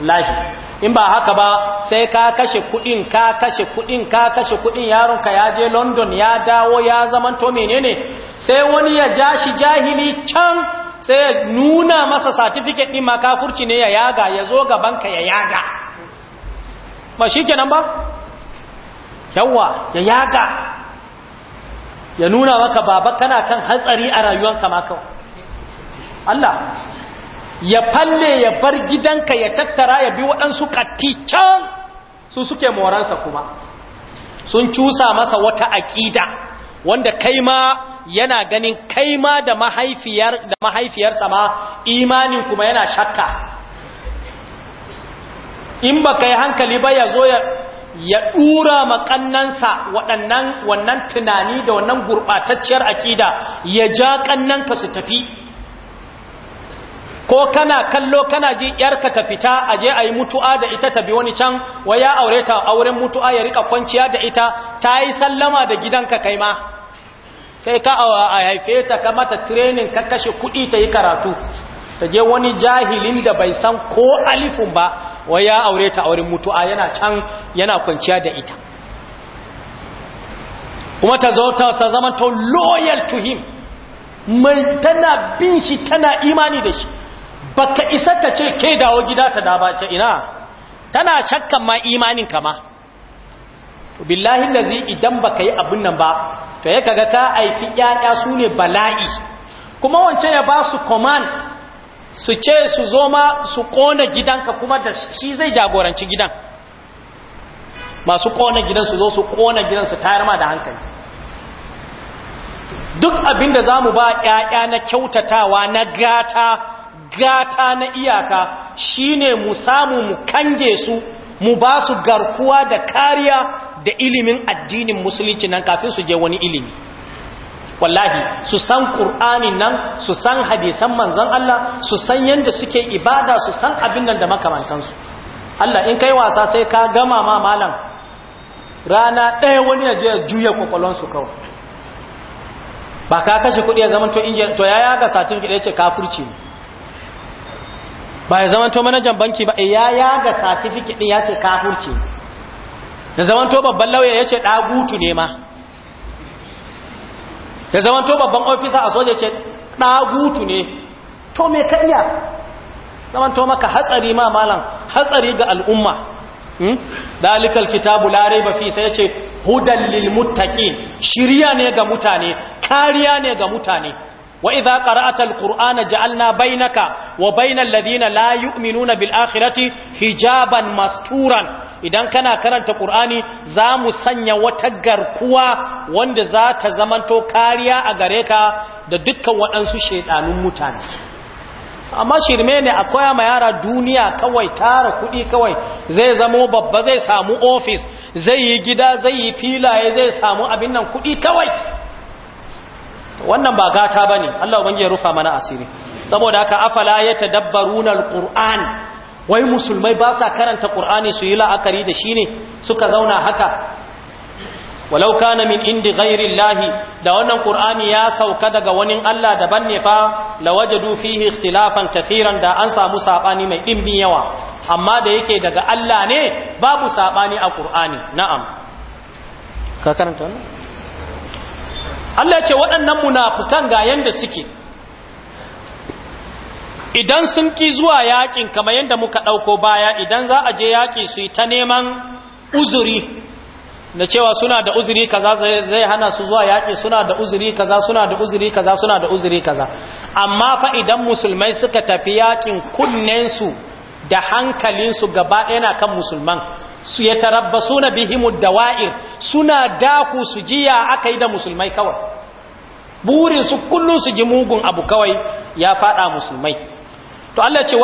lahi in ba haka ba sai ka kashe kudin ka kashe kudin ka kashe kudin yaronka ya je London ya dawo ya zamanto to menene sai wani ya ja shi jahili can sai nuna masa certificate din makafurci ne ya yaga ya zo gaban ka ya yaga ba shi kenan ba yawa ya yaga ya nuna maka baba kana kan hatsari a rayuwanka maka? Allah ya falle ya bar gidanka ya tattara ya bi waɗansu katti can su suke moransa kuma sun cusa masa wata aƙida wanda kai ma yana ganin kai ma da mahaifiyarsa ma imanin kuma yana shakka in ba ka yi hankali ba ya zo ya ɗura maƙannansa waɗannan wannan tunani da wannan gurɓatacciyar aƙida ya ja ƙannanka su tafi ko kana kallo kana ji yarka ta fita a je a yi mutu'a da ita ta bi wani can wa ya aure ta auren mutu'a ya rika kwanciya da ita ta yi sallama da gidanka kai ma kai ka a haife ta ka mata training ka kashe kuɗi ta yi karatu ta je wani jahilin da bai san ko alifun ba wai ya aure ta auren mutu'a yana can yana kwanciya da ita kuma ta zo ta zama ta loyal to him mai tana bin shi tana imani da shi baka isa ta ce ke dawo gida ta da ce ina tana shakkan ma imanin kama to billahi lazi idan baka yi abun nan ba to ya kaga ka aifi ƴaƴa su ne bala'i kuma wancan ya ba su command su ce su zo ma su kona gidanka kuma da shi zai jagoranci gidan masu kona gidan su zo su kona gidan su tayar ma da hankali duk abin da za mu ba ‘ya'ya na kyautatawa na gata gata na iyaka shine mu samu mu kange su mu ba su garkuwa da kariya da ilimin addinin musulunci nan kafin su je wani ilimi wallahi su san qur'anin nan su san hadisan manzon Allah su san yanda suke ibada su san abin nan da makamantansu Allah in kai wasa sai ka gama ma malam rana ɗaya wani ya je ya juya kwakwalon su kawai ba ka kashe kuɗi ya zama to injin to yaya ga ya ce kafurci ne ba ya zama to manajan banki ba eh, ya ya ga ɗin ya ce kafurci ne ya zama to babban lauya ya ce ɗagutu ne ma ya zama to babban ofisa a soja ce ɗagutu ne to me ka iya to maka hatsari ma malam hatsari ga al'umma hmm? dalikal kitabu larai ba fi sai ce hudan lil muttaqin shiriya ne ga mutane kariya ne ga mutane wa idza qara'ata alqur'ana ja'alna bainaka wa bainal ladina la yu'minuna bil akhirati hijaban masturan idan kana karanta qur'ani za mu sanya wata garkuwa wanda za ta zamanto kariya a gare ka da dukkan waɗansu shedanun mutane amma shirme ne akwai ma yara duniya kawai tara kuɗi kawai zai zamo babba zai samu ofis zai yi gida zai yi filaye zai samu abin nan kuɗi kawai wannan ba gata ba ne, Allah ubangiji ya rufa mana asiri saboda haka afala yatadabbaruna alquran wai musulmai ba sa karanta ƙur'ani su yi la'akari da shi ne suka zauna haka walau kana min indi ghairi da wannan ƙur'ani ya sauka daga wani Allah daban ne fa lawajadu dufi ikhtilafan kathiran da an samu saɓani mai dimbin yawa amma da yake daga Allah ne babu saɓani a ƙur'ani na'am ka karanta wannan Allah ce waɗannan munafukan ga yanda suke idan sun ki zuwa yakin kamar yanda muka ɗauko baya idan za a je yaƙi su ta neman uzuri na cewa suna da uzuri kaza zai hana su zuwa yaƙi suna da uzuri kaza suna da uzuri kaza suna da uzuri kaza amma fa idan musulmai suka tafi yakin kunnensu da hankalinsu gaba ɗaya na kan musulman su ya tarabba bihimu da dawa'ir suna daku su jiya aka yi da musulmai kawai burinsu kullum su ji mugun abu kawai ya fada musulmai to Allah ce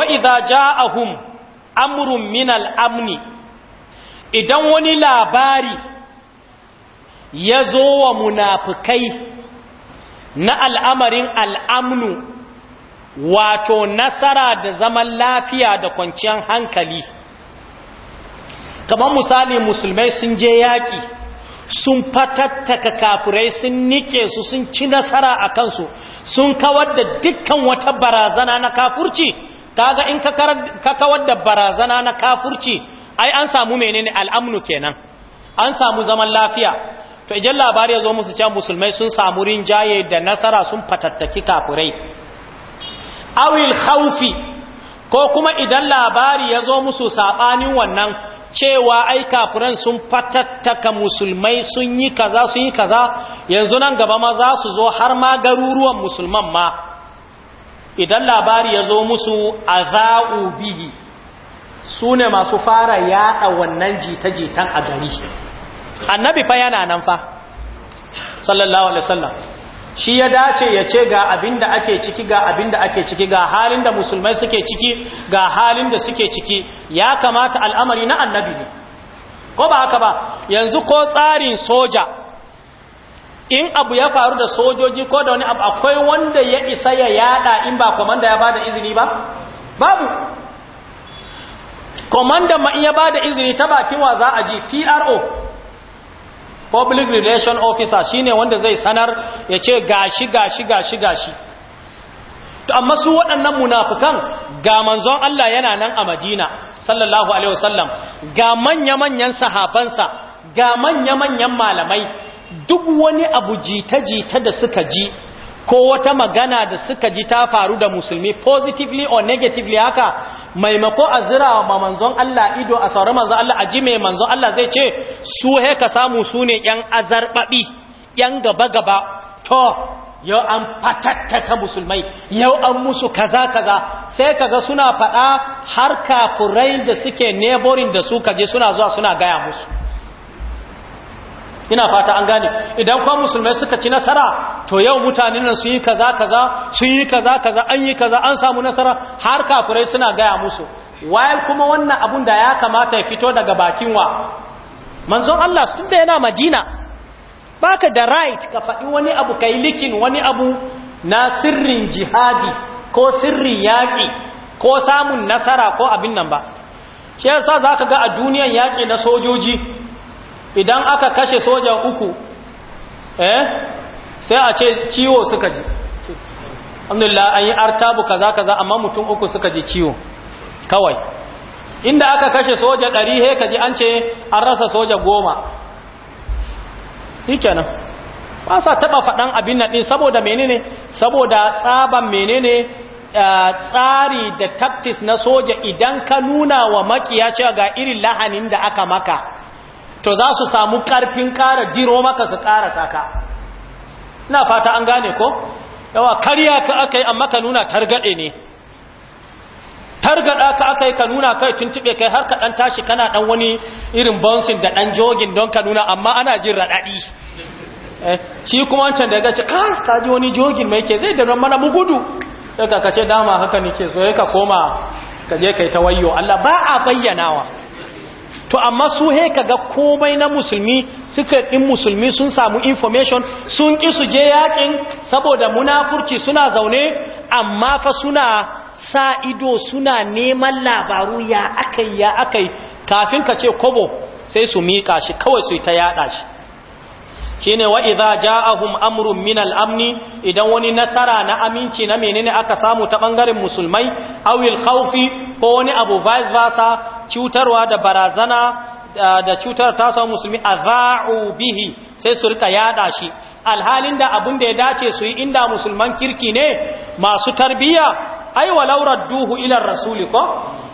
a hum amurin minal amni idan wani labari ya zo wa munafukai na al'amarin al'amnu wato nasara da zaman lafiya da kwanciyar hankali kamar misali musulmai sun je yaƙi sun fatattaka kafurai sun nike su sun ci nasara a kansu sun kawar da dukkan wata barazana na kafurci kaga in ka kawar da barazana na kafurci ai an samu menene al'amnu kenan an samu zaman lafiya to idan labari ya zo musu cewa musulmai sun samu rinjaye da nasara sun fatattaki kafurai awil khawfi ko kuma idan labari ya zo musu sabanin wannan cewa ai kafiran sun fatattaka musulmai sun yi kaza sun yi kaza yanzu nan gaba ma za su zo har ma garuruwan musulman ma idan labari ya zo musu azau bihi su ne masu fara yada wannan jita-jitan a gari annabi fa yana nan fa sallallahu alaihi wasallam shi ya dace ya ce ga abin da ake ciki ga abin da ake ciki ga halin da musulmai suke ciki ga halin da suke ciki ya kamata al'amari na annabi ne ko ba haka ba yanzu ko tsarin soja in abu ya faru da sojoji ko da wani abu akwai wanda ya isa ya yada in ba komanda ya bada izini ba babu komanda ma ya bada izini ta bakin wa za a ji pro public relation officer shine wanda zai sanar ya ce gashi gashi gashi gashi to amma su waɗannan munafukan ga manzon Allah yana nan a Madina sallallahu alaihi wasallam ga manya-manyan sahabansa ga manya-manyan malamai duk wani abu jita-jita da suka ji ko wata magana da suka ji ta faru da musulmi positively or negatively haka maimako a zira ma manzon Allah ido a sauran manzon Allah a ji mai manzon Allah zai ce su he ka samu su ne ‘yan azarɓaɓi ‘yan gaba-gaba to yau an fatattaka musulmai yau an musu kaza-kaza sai kaga suna faɗa har kafurai da suke neborin da su kaje suna zuwa suna gaya musu ina fata an gane idan kuma musulmai suka ci nasara to yau mutanen nan su yi kaza kaza su yi kaza kaza an yi kaza an samu nasara har kafirai suna gaya musu wayar kuma wannan abun da ya kamata ya fito daga bakin wa manzon Allah tun da yana Madina baka da right ka faɗi wani abu kai likin wani abu na sirrin jihadi ko sirrin yaƙi ko samun nasara ko abin nan ba shi yasa zaka ga a duniyan yaƙi na sojoji idan aka kashe soja uku eh sai a ce ciwo suka ji alhamdulillah an yi artabu kaza kaza amma mutum uku suka ji ciwo kawai inda aka kashe soja ɗari he ka ji an ce an rasa soja goma shikenan ba sa taɓa faɗan abin nan ɗin saboda menene saboda tsaban menene eh, tsari da taktis na soja idan ka nuna wa makiya cewa ga irin lahanin da aka maka to za su samu ƙarfin ƙara jiro maka su ƙara saka na fata an gane ko yawa karya ka aka yi amma ka nuna targaɗe ne targaɗa ka aka yi ka nuna kai tuntuɓe kai har ka ɗan tashi kana ɗan wani irin bonsin da ɗan jogin don ka nuna amma ana jin raɗaɗi eh, shi kuma wancan da gace kai ka ji wani jogin mai ke zai da mana mu gudu sai ka kace dama haka nake so ka koma ka je kai ta wayo Allah ba a bayyanawa to amma su he kaga komai na musulmi suka din musulmi sun samu information sun ki su je yakin saboda munafurci suna zaune amma fa suna sa ido suna neman labaru ya akai ya akai kafin ka ce kobo sai su mika shi kawai su ta yada shi shine wa idza ja'ahum amrun min al-amni idan wani nasara na aminci na menene aka samu ta bangaren musulmai awil khawfi ko wani abu vice versa cutarwa da barazana da cutar ta samu musulmi aza'u bihi sai su rika yada shi alhalin da abun da ya dace su yi inda musulman kirki ne masu tarbiyya? ai laurar duhu ilar rasuli ko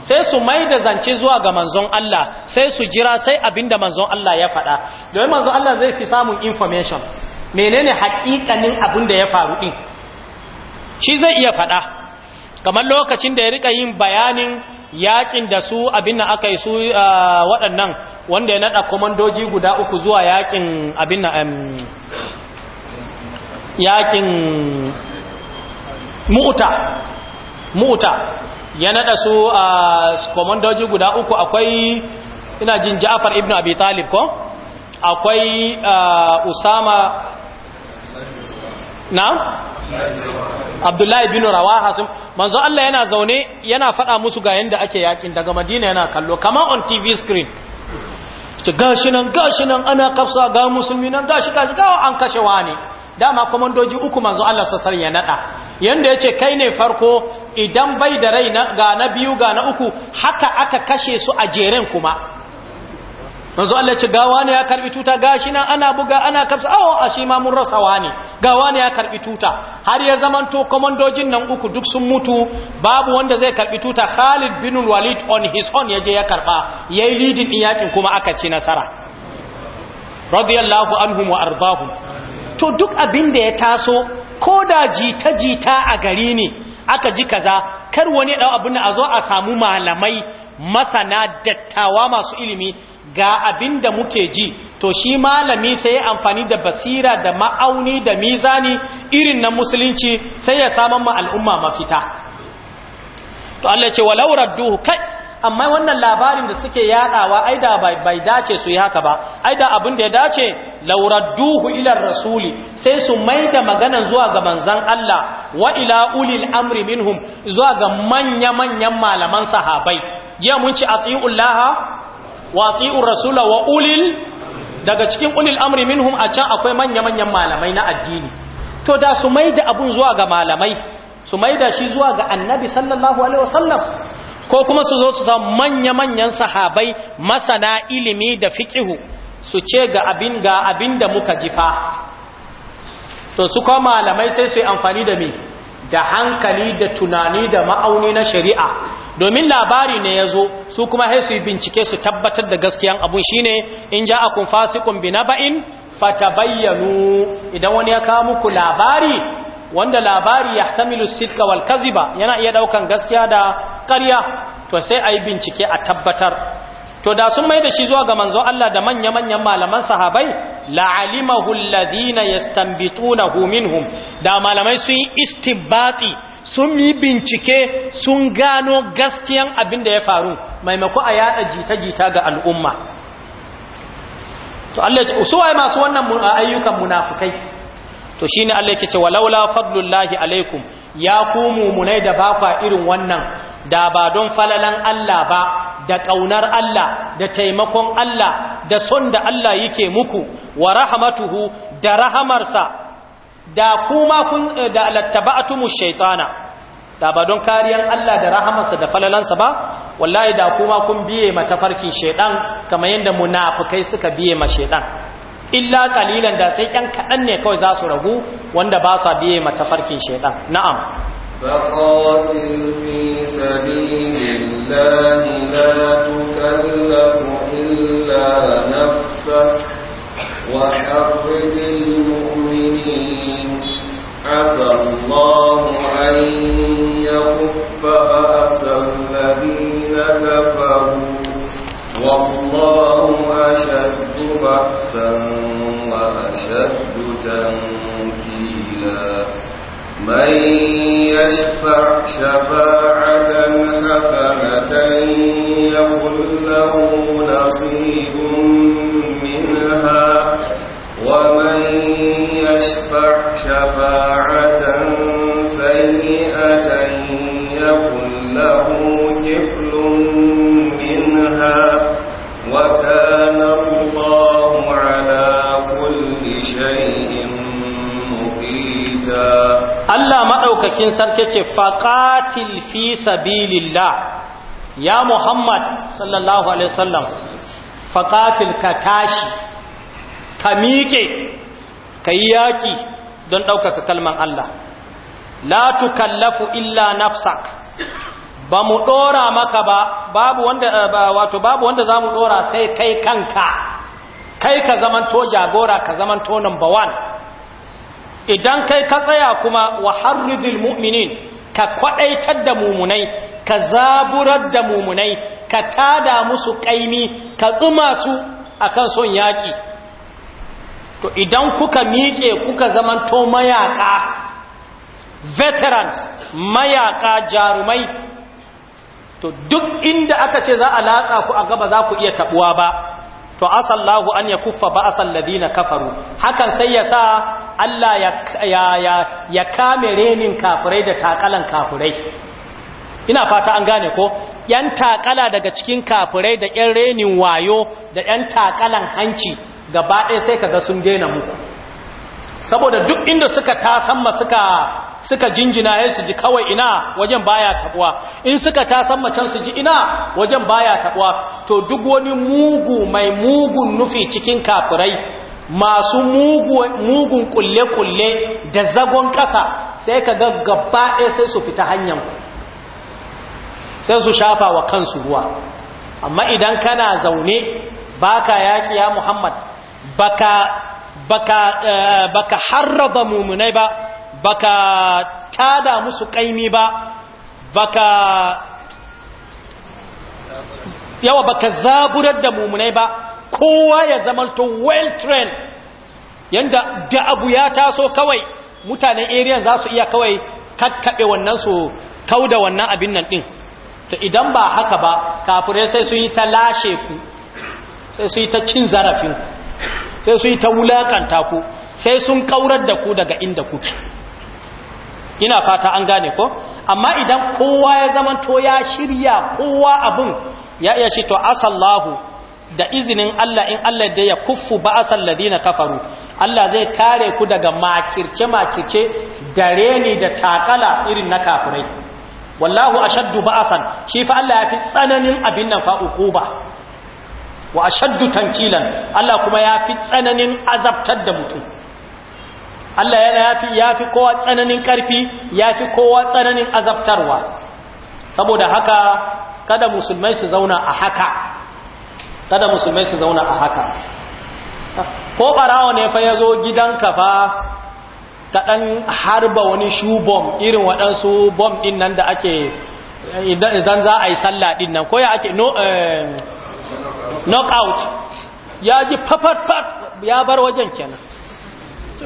sai su mai da zance zuwa ga manzon Allah sai su jira sai abinda manzon Allah ya faɗa domin manzon Allah zai fi samun information menene haƙiƙanin abinda ya faru din shi zai iya faɗa kamar lokacin da ya rika yin bayanin yakin da su abin da aka yi su waɗannan wanda ya naɗa komandoji guda uku zuwa yakin abin yakin mu'uta muta ya nada su a komandoji guda uku akwai ina jin ja'afar ibn abi talib ko akwai usama na abdullahi bin rawaha sun manzo Allah yana zaune yana faɗa musu ga yanda ake yakin daga madina yana kallo kama on tv screen ce gashi nan gashi nan ana kafsa ga musulmi nan gashi gashi gawa an kashe wani dama komandoji uku manzo Allah sassar ya nada yanda yace kai ne farko idan bai da rai ga na biyu ga na uku haka aka kashe su a jeren kuma manzo Allah ce gawa ne ya karbi tuta gashi nan ana buga ana kafsa awo oh, a shi ma mun rasa wani gawa ne ya karbi tuta har ya zamanto komandojin nan uku duk sun mutu babu wanda zai karbi tuta Khalid bin Walid on his own yaje ya karba yayi leading din yakin kuma aka ci nasara radiyallahu anhum wa arbahum to duk abin da ya taso ko da jita-jita a gari ne aka ji kaza kar wani dau abin a zo a samu malamai masana dattawa masu ilimi ga abin da muke ji to shi malami sai ya amfani da basira da ma'auni da mizani irin na musulunci sai ya saman ma al'umma mafita to Allah ce walau radduhu kai amma wannan labarin da suke yadawa aida da bai dace su yi haka ba ai da abin da ya dace Lauraduhu, ilar rasuli sai su maida maganan zuwa ga manzan Allah wa ila ulil amri minhum zuwa ga manya-manyan malaman sahabai Jiya mun ci ati'ullaha wa ati'ur rasula wa ulil daga cikin ulil amri minhum a can akwai manya-manyan malamai na addini to da su maida abun zuwa ga malamai su maida shi zuwa ga annabi sallallahu alaihi wasallam ko kuma su zo su sa manya-manyan sahabai masana ilimi da fiqihu su ce ga abin ga abin da muka jifa to su kuma malamai sai su yi amfani da me da hankali da tunani da ma'auni na shari'a domin labari ne ya zo su kuma sai su yi bincike su tabbatar da gaskiyan abun shine in ja akun fasikun bi naba'in fatabayyanu idan wani ya kawo muku labari wanda labari ya tamilu sidka wal kaziba yana iya daukan gaskiya da ƙarya to sai a yi bincike a tabbatar to da sun mai da shi zuwa ga manzo Allah da manya-manyan malaman sahabai la'alimahu alladhina yastanbitunahu minhum da malamai sun yi istibati sun yi bincike sun gano gaskiyan abin da ya faru maimako a yada jita-jita ga al'umma to Allah ya so masu wannan ayyukan munafikai to shine Allah yake ce walaula fadlullahi alaikum ya kumu munai da ba irin wannan da ba don falalan Allah ba da ƙaunar Allah da taimakon Allah da son da Allah yake muku wa rahamatuhu da rahamarsa da kuma kun eh, da lattaba'atumu shaytana da ba don kariyar Allah da rahamarsa da falalansa ba wallahi da kuma kun biye matafarkin shaydan kamar yadda munafukai suka biye ma shaydan illa qalilan da sai ƴan kaɗan ne kawai za su ragu wanda ba sa biye matafarkin shaydan na'am فقاتل في سبيل الله لا تكلف إلا نفسك وحرد المؤمنين عسى الله أن يكف بأس الذين كفروا والله أشد بأسا وأشد تنكيلا من يشفع شفاعة يكن له نصيب منها ومن يشفع شفاعة سيئة يكن له كفل منها Allah maɗaukakin sarki ce faƙatil fi sabilillah ya Muhammad sallallahu alaihi wasallam faƙatil ka tashi ka miƙe ka yi yaƙi don ɗaukaka kalman Allah la tukallafu illa nafsak ba mu ɗora maka ba babu wanda eh, wato babu wanda za mu ɗora sai kai kanka kai ka zamanto jagora ka zamanto number one idan kai ka tsaya kuma wa harridil mu'minin ka kwaɗaitar da mumunai ka zaburar da mumunai ka tada musu kaimi ka tsuma su akan son yaƙi. to idan kuka miƙe kuka zamanto mayaƙa. veterans mayaƙa jarumai to duk inda aka ce za a latsa ku a gaba za ku iya taɓuwa ba to asallahu an ya kuffa ba asal ladina kafaru hakan sai ya sa Allah ya kame renin kafurai da takalan kafurai ina fata an gane ko yan takala daga cikin kafurai da yan renin wayo da yan takalan hanci gaba ɗaya sai kaga sun daina muku saboda duk inda suka tasamma suka suka jinjina ya su ji kawai ina wajen baya tabuwa in suka tasamma can su ji ina wajen baya tabuwa to duk wani mugu mai mugun nufi cikin kafurai masu mugun kulle-kulle da zagon kasa, sai ka ga gaba ɗaya sai su fita hanyar sai su shafa wa kansu ruwa amma idan kana zaune baka yaƙi ya muhammad baka baka eh, baka harraba mumunai ba baka tada musu ƙaimi ba baka yawa baka zaburar da mumunai ba kowa ya zamanto well trained yanda da abu ya taso kawai mutanen area za su iya kawai kakkaɓe wannan su da wannan abin nan ɗin to idan ba haka ba kafirai sai su yi ta lashe ku sai su yi ta cin zarafin ku sai su yi ta wulakanta ku sai sun kaurar da ku daga inda kuke ina fata an gane ko amma idan kowa ya zamanto ya shirya kowa abun ya iya shi to asallahu da izinin Allah in Allah da ya kuffu ba'asal ladina kafaru Allah zai kare ku daga makirce makirce da reni da takala irin na kafirai wallahu ashaddu ba'asan shi fa Allah ya fi tsananin abin nan fa uquba wa ashaddu tankilan Allah kuma ya fi tsananin azabtar da mutum Allah ya fi kowa tsananin karfi ya fi kowa tsananin azabtarwa saboda haka kada musulmai su zauna a haka kada musulmai su zauna a haka ko barawo ne fa ya zo gidanka fa ta harba wani shu bom irin waɗansu bom din nan da ake idan za a yi sallah din nan ko ya ake eh, knockout ya ji fat ya bar wajen kenan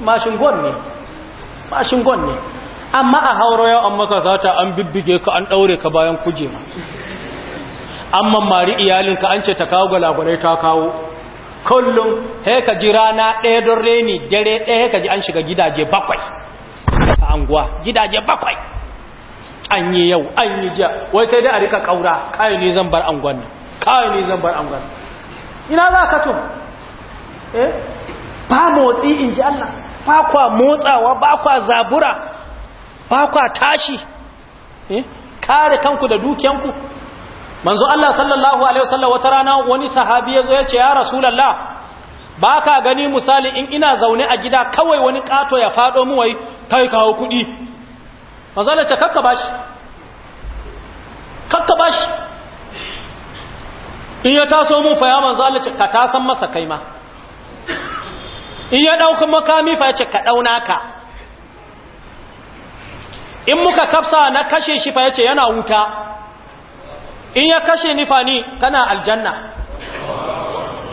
mashin gon ne mashin gon ne amma a hauro yau amma ka zata an bibbige ka an ɗaure ka bayan kujema an mari iyalinka an ce ta kawo gwalagwalai ta kawo kullum he ka ji rana ɗaya don reni dare ɗaya ka ji an shiga gidaje bakwai a anguwa gidaje bakwai an yi yau an yi jiya wai sai dai a rika ƙaura kayan ne zan bar anguwan nan kayan ne zan bar anguwan ina za ka tun eh ba motsi in ji allah ba kwa motsawa ba kwa zabura ba kwa tashi eh kare kanku da dukiyanku manzo Allah sallallahu alaihi wasallam wata rana wani sahabi yazo ya ce ya rasulullah ba ka gani misali in ina zaune a gida kawai wani kato ya fado mu wai kai kawo kudi manzo Allah ce kakka bashi kakka bashi in ya taso mun fa ya manzo Allah ce ka tasan masa kai ma in ya dauka makami fa ya ce ka dauna ka in muka kafsa na kashe shi fa ya ce yana wuta in ya kashe ni fani kana aljanna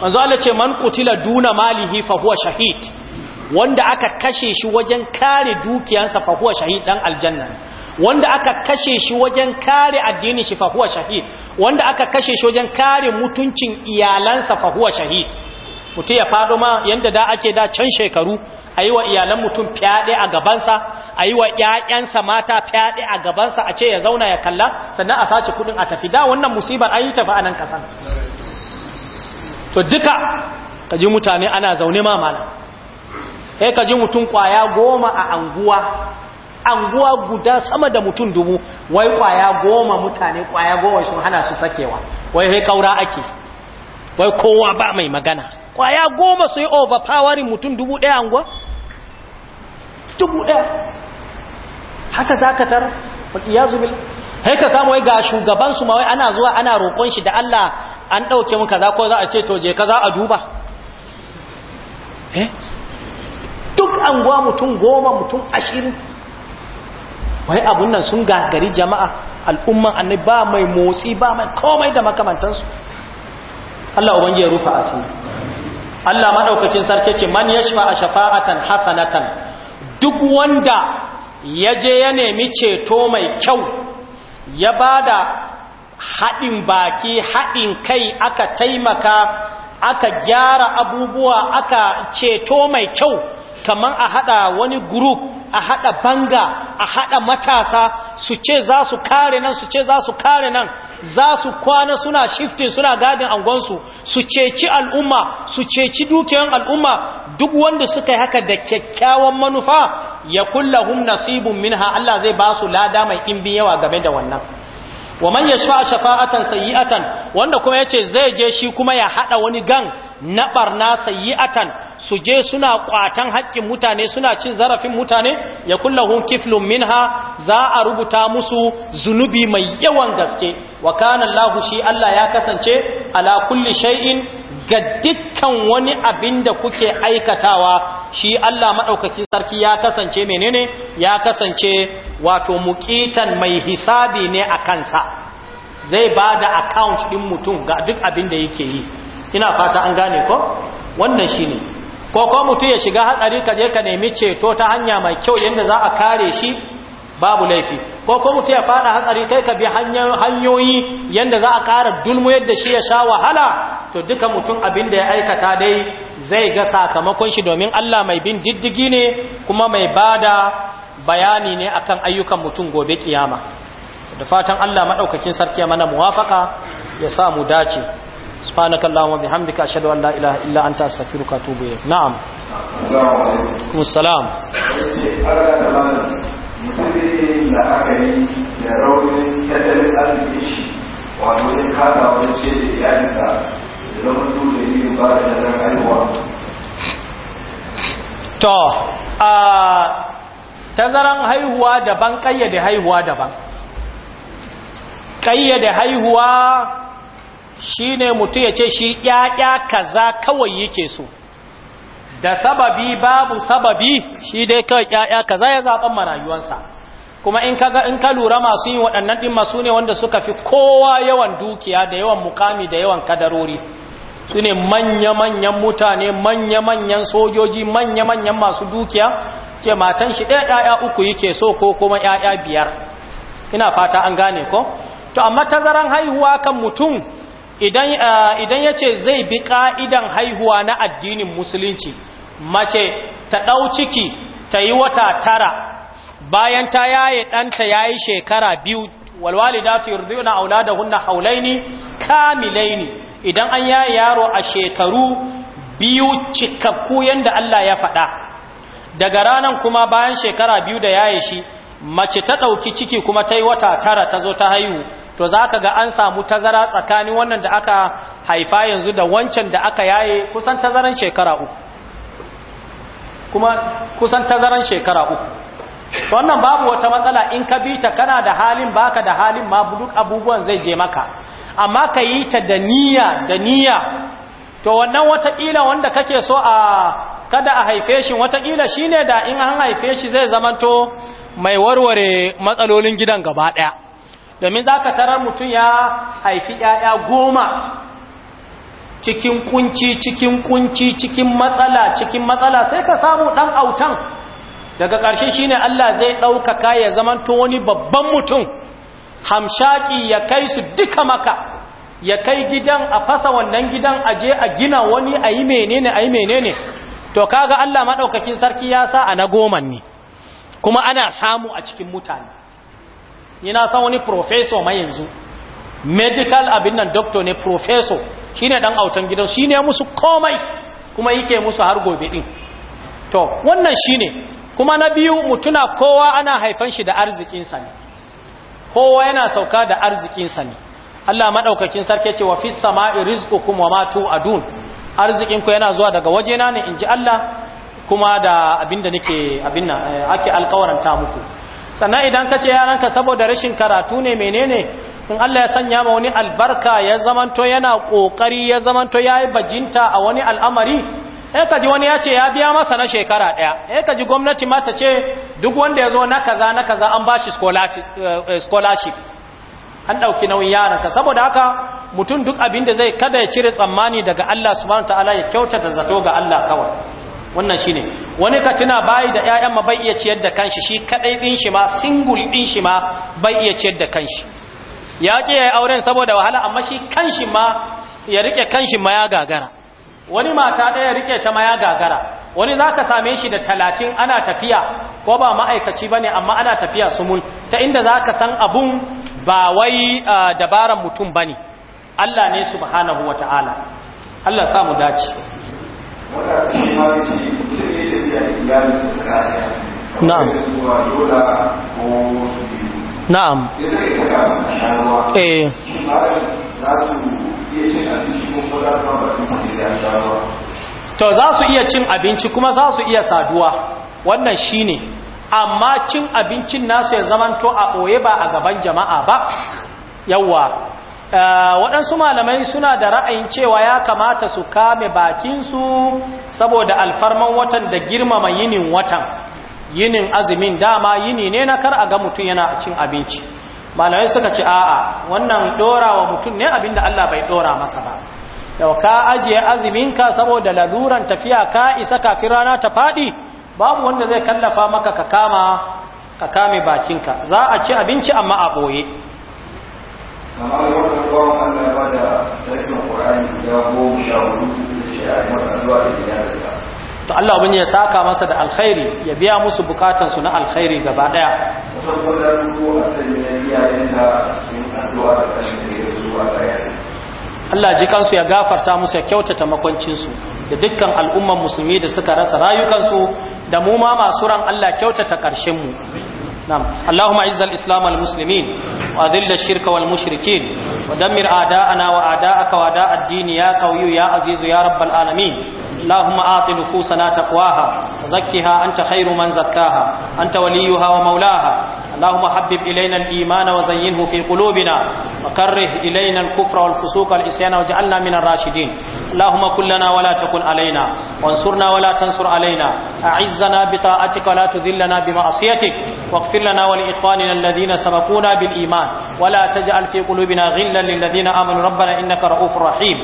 manzo Allah ce man qutila duna malihi fa huwa shahid wanda aka kashe shi wajen kare dukiyansa fa huwa shahid dan aljanna wanda aka kashe shi wajen kare addinin shi fa huwa shahid wanda aka kashe shi wajen kare mutuncin iyalansa fa huwa shahid mutum ya faɗo ma yadda da ake da can shekaru a yi wa iyalan mutum fyaɗe a gabansa a yi wa ‘ya'yansa mata fyaɗe a gabansa a ce ya zauna ya kalla sannan a sace kuɗin a tafi da wannan musibar an yi tafi a nan ƙasan to duka ka ji mutane ana zaune ma mana sai ka mutum kwaya goma a anguwa anguwa guda sama da mutum dubu wai ƙwaya goma mutane ƙwaya goma sun hana su sakewa wai sai kaura ake wai kowa ba mai magana kwaya goma su yi overpowering mutum dubu ɗaya angwa? dubu ɗaya haka za ka tara ya zubi haika ka samu wai ga shugabansu ma wai ana zuwa ana roƙon shi da Allah an ɗauke mun kaza ko za a ce to je kaza a duba eh? duk anguwa mutum goma mutum ashirin wai abun nan sun gagari jama'a al'umman annai ba mai motsi ba mai komai da makamantansu Allah ubangiyar ya rufa asiri Allah madaukakin sarki ce man yashfa shafa'atan hasanatan duk wanda ya je ya nemi ceto mai kyau ya ba da haɗin baki haɗin kai aka taimaka aka gyara abubuwa aka ceto mai kyau kamar a haɗa wani group a haɗa banga a haɗa matasa su ce za su kare nan su ce za su kare nan za su kwana suna shiftin suna gadin angonsu su ceci al'umma su ceci dukiyan al'umma duk wanda suka yi haka da kyakkyawan manufa ya kullahum nasibun minha Allah zai ba su lada mai ɗimbin yawa game da wannan wa man yashfa shafa'atan sayyi'atan wanda kuma yace zai je shi kuma ya hada wani gan na barna sayyi'atan su je suna kwatan haƙƙin mutane suna cin zarafin mutane ya kullahun kiflun minha za a rubuta musu zunubi mai yawan gaske wa kana Allah shi Allah ya kasance ala kulli shay'in ga dukkan wani abin da kuke aikatawa shi Allah madaukakin sarki ya kasance menene ya kasance wato muƙitan mai hisabi ne a kansa zai ba da account din mutum ga duk abin da yake yi ina fata an gane ko wannan shine ko ko mutum ya shiga hatsari ka je ka nemi ceto ta hanya mai kyau yadda za a kare shi babu laifi ko ko mutum ya fada hatsari kai ka bi hanyoyi yadda za a kara dulmu yadda shi ya sha wahala to duka mutum abin da ya aikata dai zai ga sakamakon shi domin Allah mai bin diddigi ne kuma mai bada bayani ne akan ayyukan mutum gobe kiyama da fatan Allah madaukakin sarki ya mana muwafaka ya sa mu dace سبحانك اللهم وبحمدك أشهد أن لا إله إلا أنت أستغفرك وأتوب إليك نعم السلام عليكم to a tazaran haihuwa daban kayyade haihuwa daban kayyade haihuwa shi ne mutum ya ce shi ƴaƴa kaza kawai yake so da sababi babu sababi shi dai kawai ƴaƴa kaza ya zaɓa marayuwansa kuma in ka in ka lura masu yin waɗannan ɗin masu ne wanda suka fi kowa yawan dukiya da yawan mukami da yawan kadarori su ne manya-manyan mutane manya-manyan sojoji manya-manyan masu dukiya ke matan shi ɗaya ɗaya uku yake so ko kuma ɗaya biyar ina fata an gane ko to amma tazaran haihuwa kan mutum Ah, idan ya ce zai bi ƙa'idan haihuwa na addinin musulunci mace ta ɗau ciki ta yi wata tara bayan ta yaye ɗanta ya yi shekara biyu walwalida fi yurdu na aula da hunna haulaini kamilaini idan an yaye yaro a shekaru biyu cikakku yadda Allah ya faɗa daga ranar kuma bayan shekara biyu da yaye shi mace ta ɗauki ciki kuma ta yi wata tara ta zo ta haihu to za ka ga an samu tazara tsakanin wannan da aka haifa yanzu da wancan da aka yaye kusan tazaran shekara uku kuma kusan tazaran shekara uku wannan babu wata matsala in ka bi ta kana da halin baka da halin ma duk abubuwan zai je maka amma ka yi ta da niyya da niyya to wannan watakila wanda kake so a kada a haife shi watakila shine da in an haife shi zai zamanto mai warware matsalolin gidan gaba daya domin za ka tarar mutum ya haifi ‘ya'ya goma cikin kunci cikin kunci cikin matsala cikin matsala sai ka samu ɗan autan daga ƙarshe shi ne Allah zai ɗaukaka ya zamanto wani babban mutum hamshaki ya kai su duka maka ya kai gidan a fasa wannan gidan a je a gina wani a yi menene a yi menene to kaga Allah maɗaukakin sarki ya sa a na goman ne kuma ana samu a cikin mutane ni na san wani professor mai yanzu medical abin nan doctor ne professor shine ɗan autan gidan shine musu komai kuma yake musu har gobe ɗin. to wannan shine kuma na biyu mutuna kowa ana haifan shi da arzikinsa ne kowa yana sauka da arzikinsa ne Allah madaukakin sarki ce wa fis sama'i rizqukum wa ma tu'adun arzikin ku yana zuwa daga wajena ne ji Allah kuma da abinda nake abin nan eh, ake alƙawaranta muku sannan idan ka ce yaranka saboda rashin karatu ne menene in Allah ya sanya ma wani albarka ya zamanto yana kokari ya zamanto yayi bajinta a wani al'amari eh kaji wani ya ce ya biya masa na shekara daya eh kaji gwamnati ma ta ce duk wanda ya zo na kaza na kaza an bashi eh, scholarship an dauki nauyin yaranka saboda haka mutum duk abin da zai kada ya cire tsammani daga Allah subhanahu wataala ya kyautata zato ga Allah kawai wannan shine wani ka tuna bayi da ƴaƴan ma bai iya ciyar da kanshi shi kadai din shi ma single din shi ma bai iya ciyar da kanshi ya ki yayi auren saboda wahala amma shi kanshi ma ya rike kanshi ma ya gagara wani mata ɗaya rike ta ma ya gagara wani zaka same shi da talatin ana tafiya ko ba ma'aikaci bane amma ana tafiya sumul ta inda zaka san abun ba wai dabaran mutum bane Allah ne subhanahu wataala Allah samu dace na'am eh. to za su iya cin abinci kuma za su iya saduwa wannan shine amma cin abincin nasu ya zamanto a ɓoye ba a gaban jama'a ba yawwa Eh, waɗansu malamai suna da ra'ayin cewa ya kamata su kame bakinsu saboda alfarman watan da girmama yinin watan yinin azumin dama yini ne na kar a ga mutum yana cin abinci malamai suka ce a'a wannan dorawa wa mutum ne abinda Allah bai dora masa ba yau ka ajiye azuminka saboda laluran tafiya ka isa kafin rana ta faɗi babu wanda zai kallafa maka ka kama ka kame bakinka za a ci abinci amma a ɓoye alƙur'ani guda da da to Allah bin ya saka masa da alkhairi ya biya musu bukatun su na alkhairi gaba daya Allah ji kansu ya gafarta musu ya kyautata makwancinsu da dukkan al'umman musulmi da suka rasa rayukansu da mu ma masu ran Allah kyautata ƙarshen mu نعم اللهم اعز الاسلام والمسلمين واذل الشرك والمشركين ودمر اعداءنا واعداءك واعداء الدين يا قوي يا عزيز يا رب العالمين اللهم اعط نفوسنا تقواها وزكها انت خير من زكاها انت وليها ومولاها اللهم حبب إلينا الإيمان وزينه في قلوبنا وكره إلينا الكفر والفسوق والعصيان واجعلنا من الراشدين اللهم كن لنا ولا تكن علينا وانصرنا ولا تنصر علينا أعزنا بطاعتك ولا تذلنا بمعصيتك واغفر لنا ولإخواننا الذين سبقونا بالإيمان ولا تجعل في قلوبنا غلا للذين آمنوا ربنا إنك رؤوف رحيم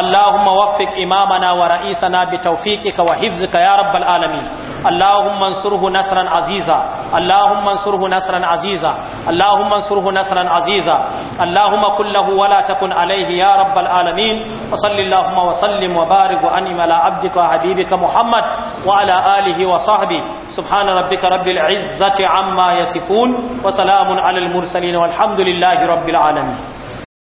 اللهم وفق إمامنا ورئيسنا بتوفيقك وحفظك يا رب العالمين اللهم انصره نصرا عزيزا اللهم انصره نصرا عزيزا اللهم انصره نصرا عزيزا اللهم كن له ولا تكن عليه يا رب العالمين وصل اللهم وسلم وبارك وانعم على عبدك وحبيبك محمد وعلى اله وصحبه سبحان ربك رب العزه عما يصفون وسلام على المرسلين والحمد لله رب العالمين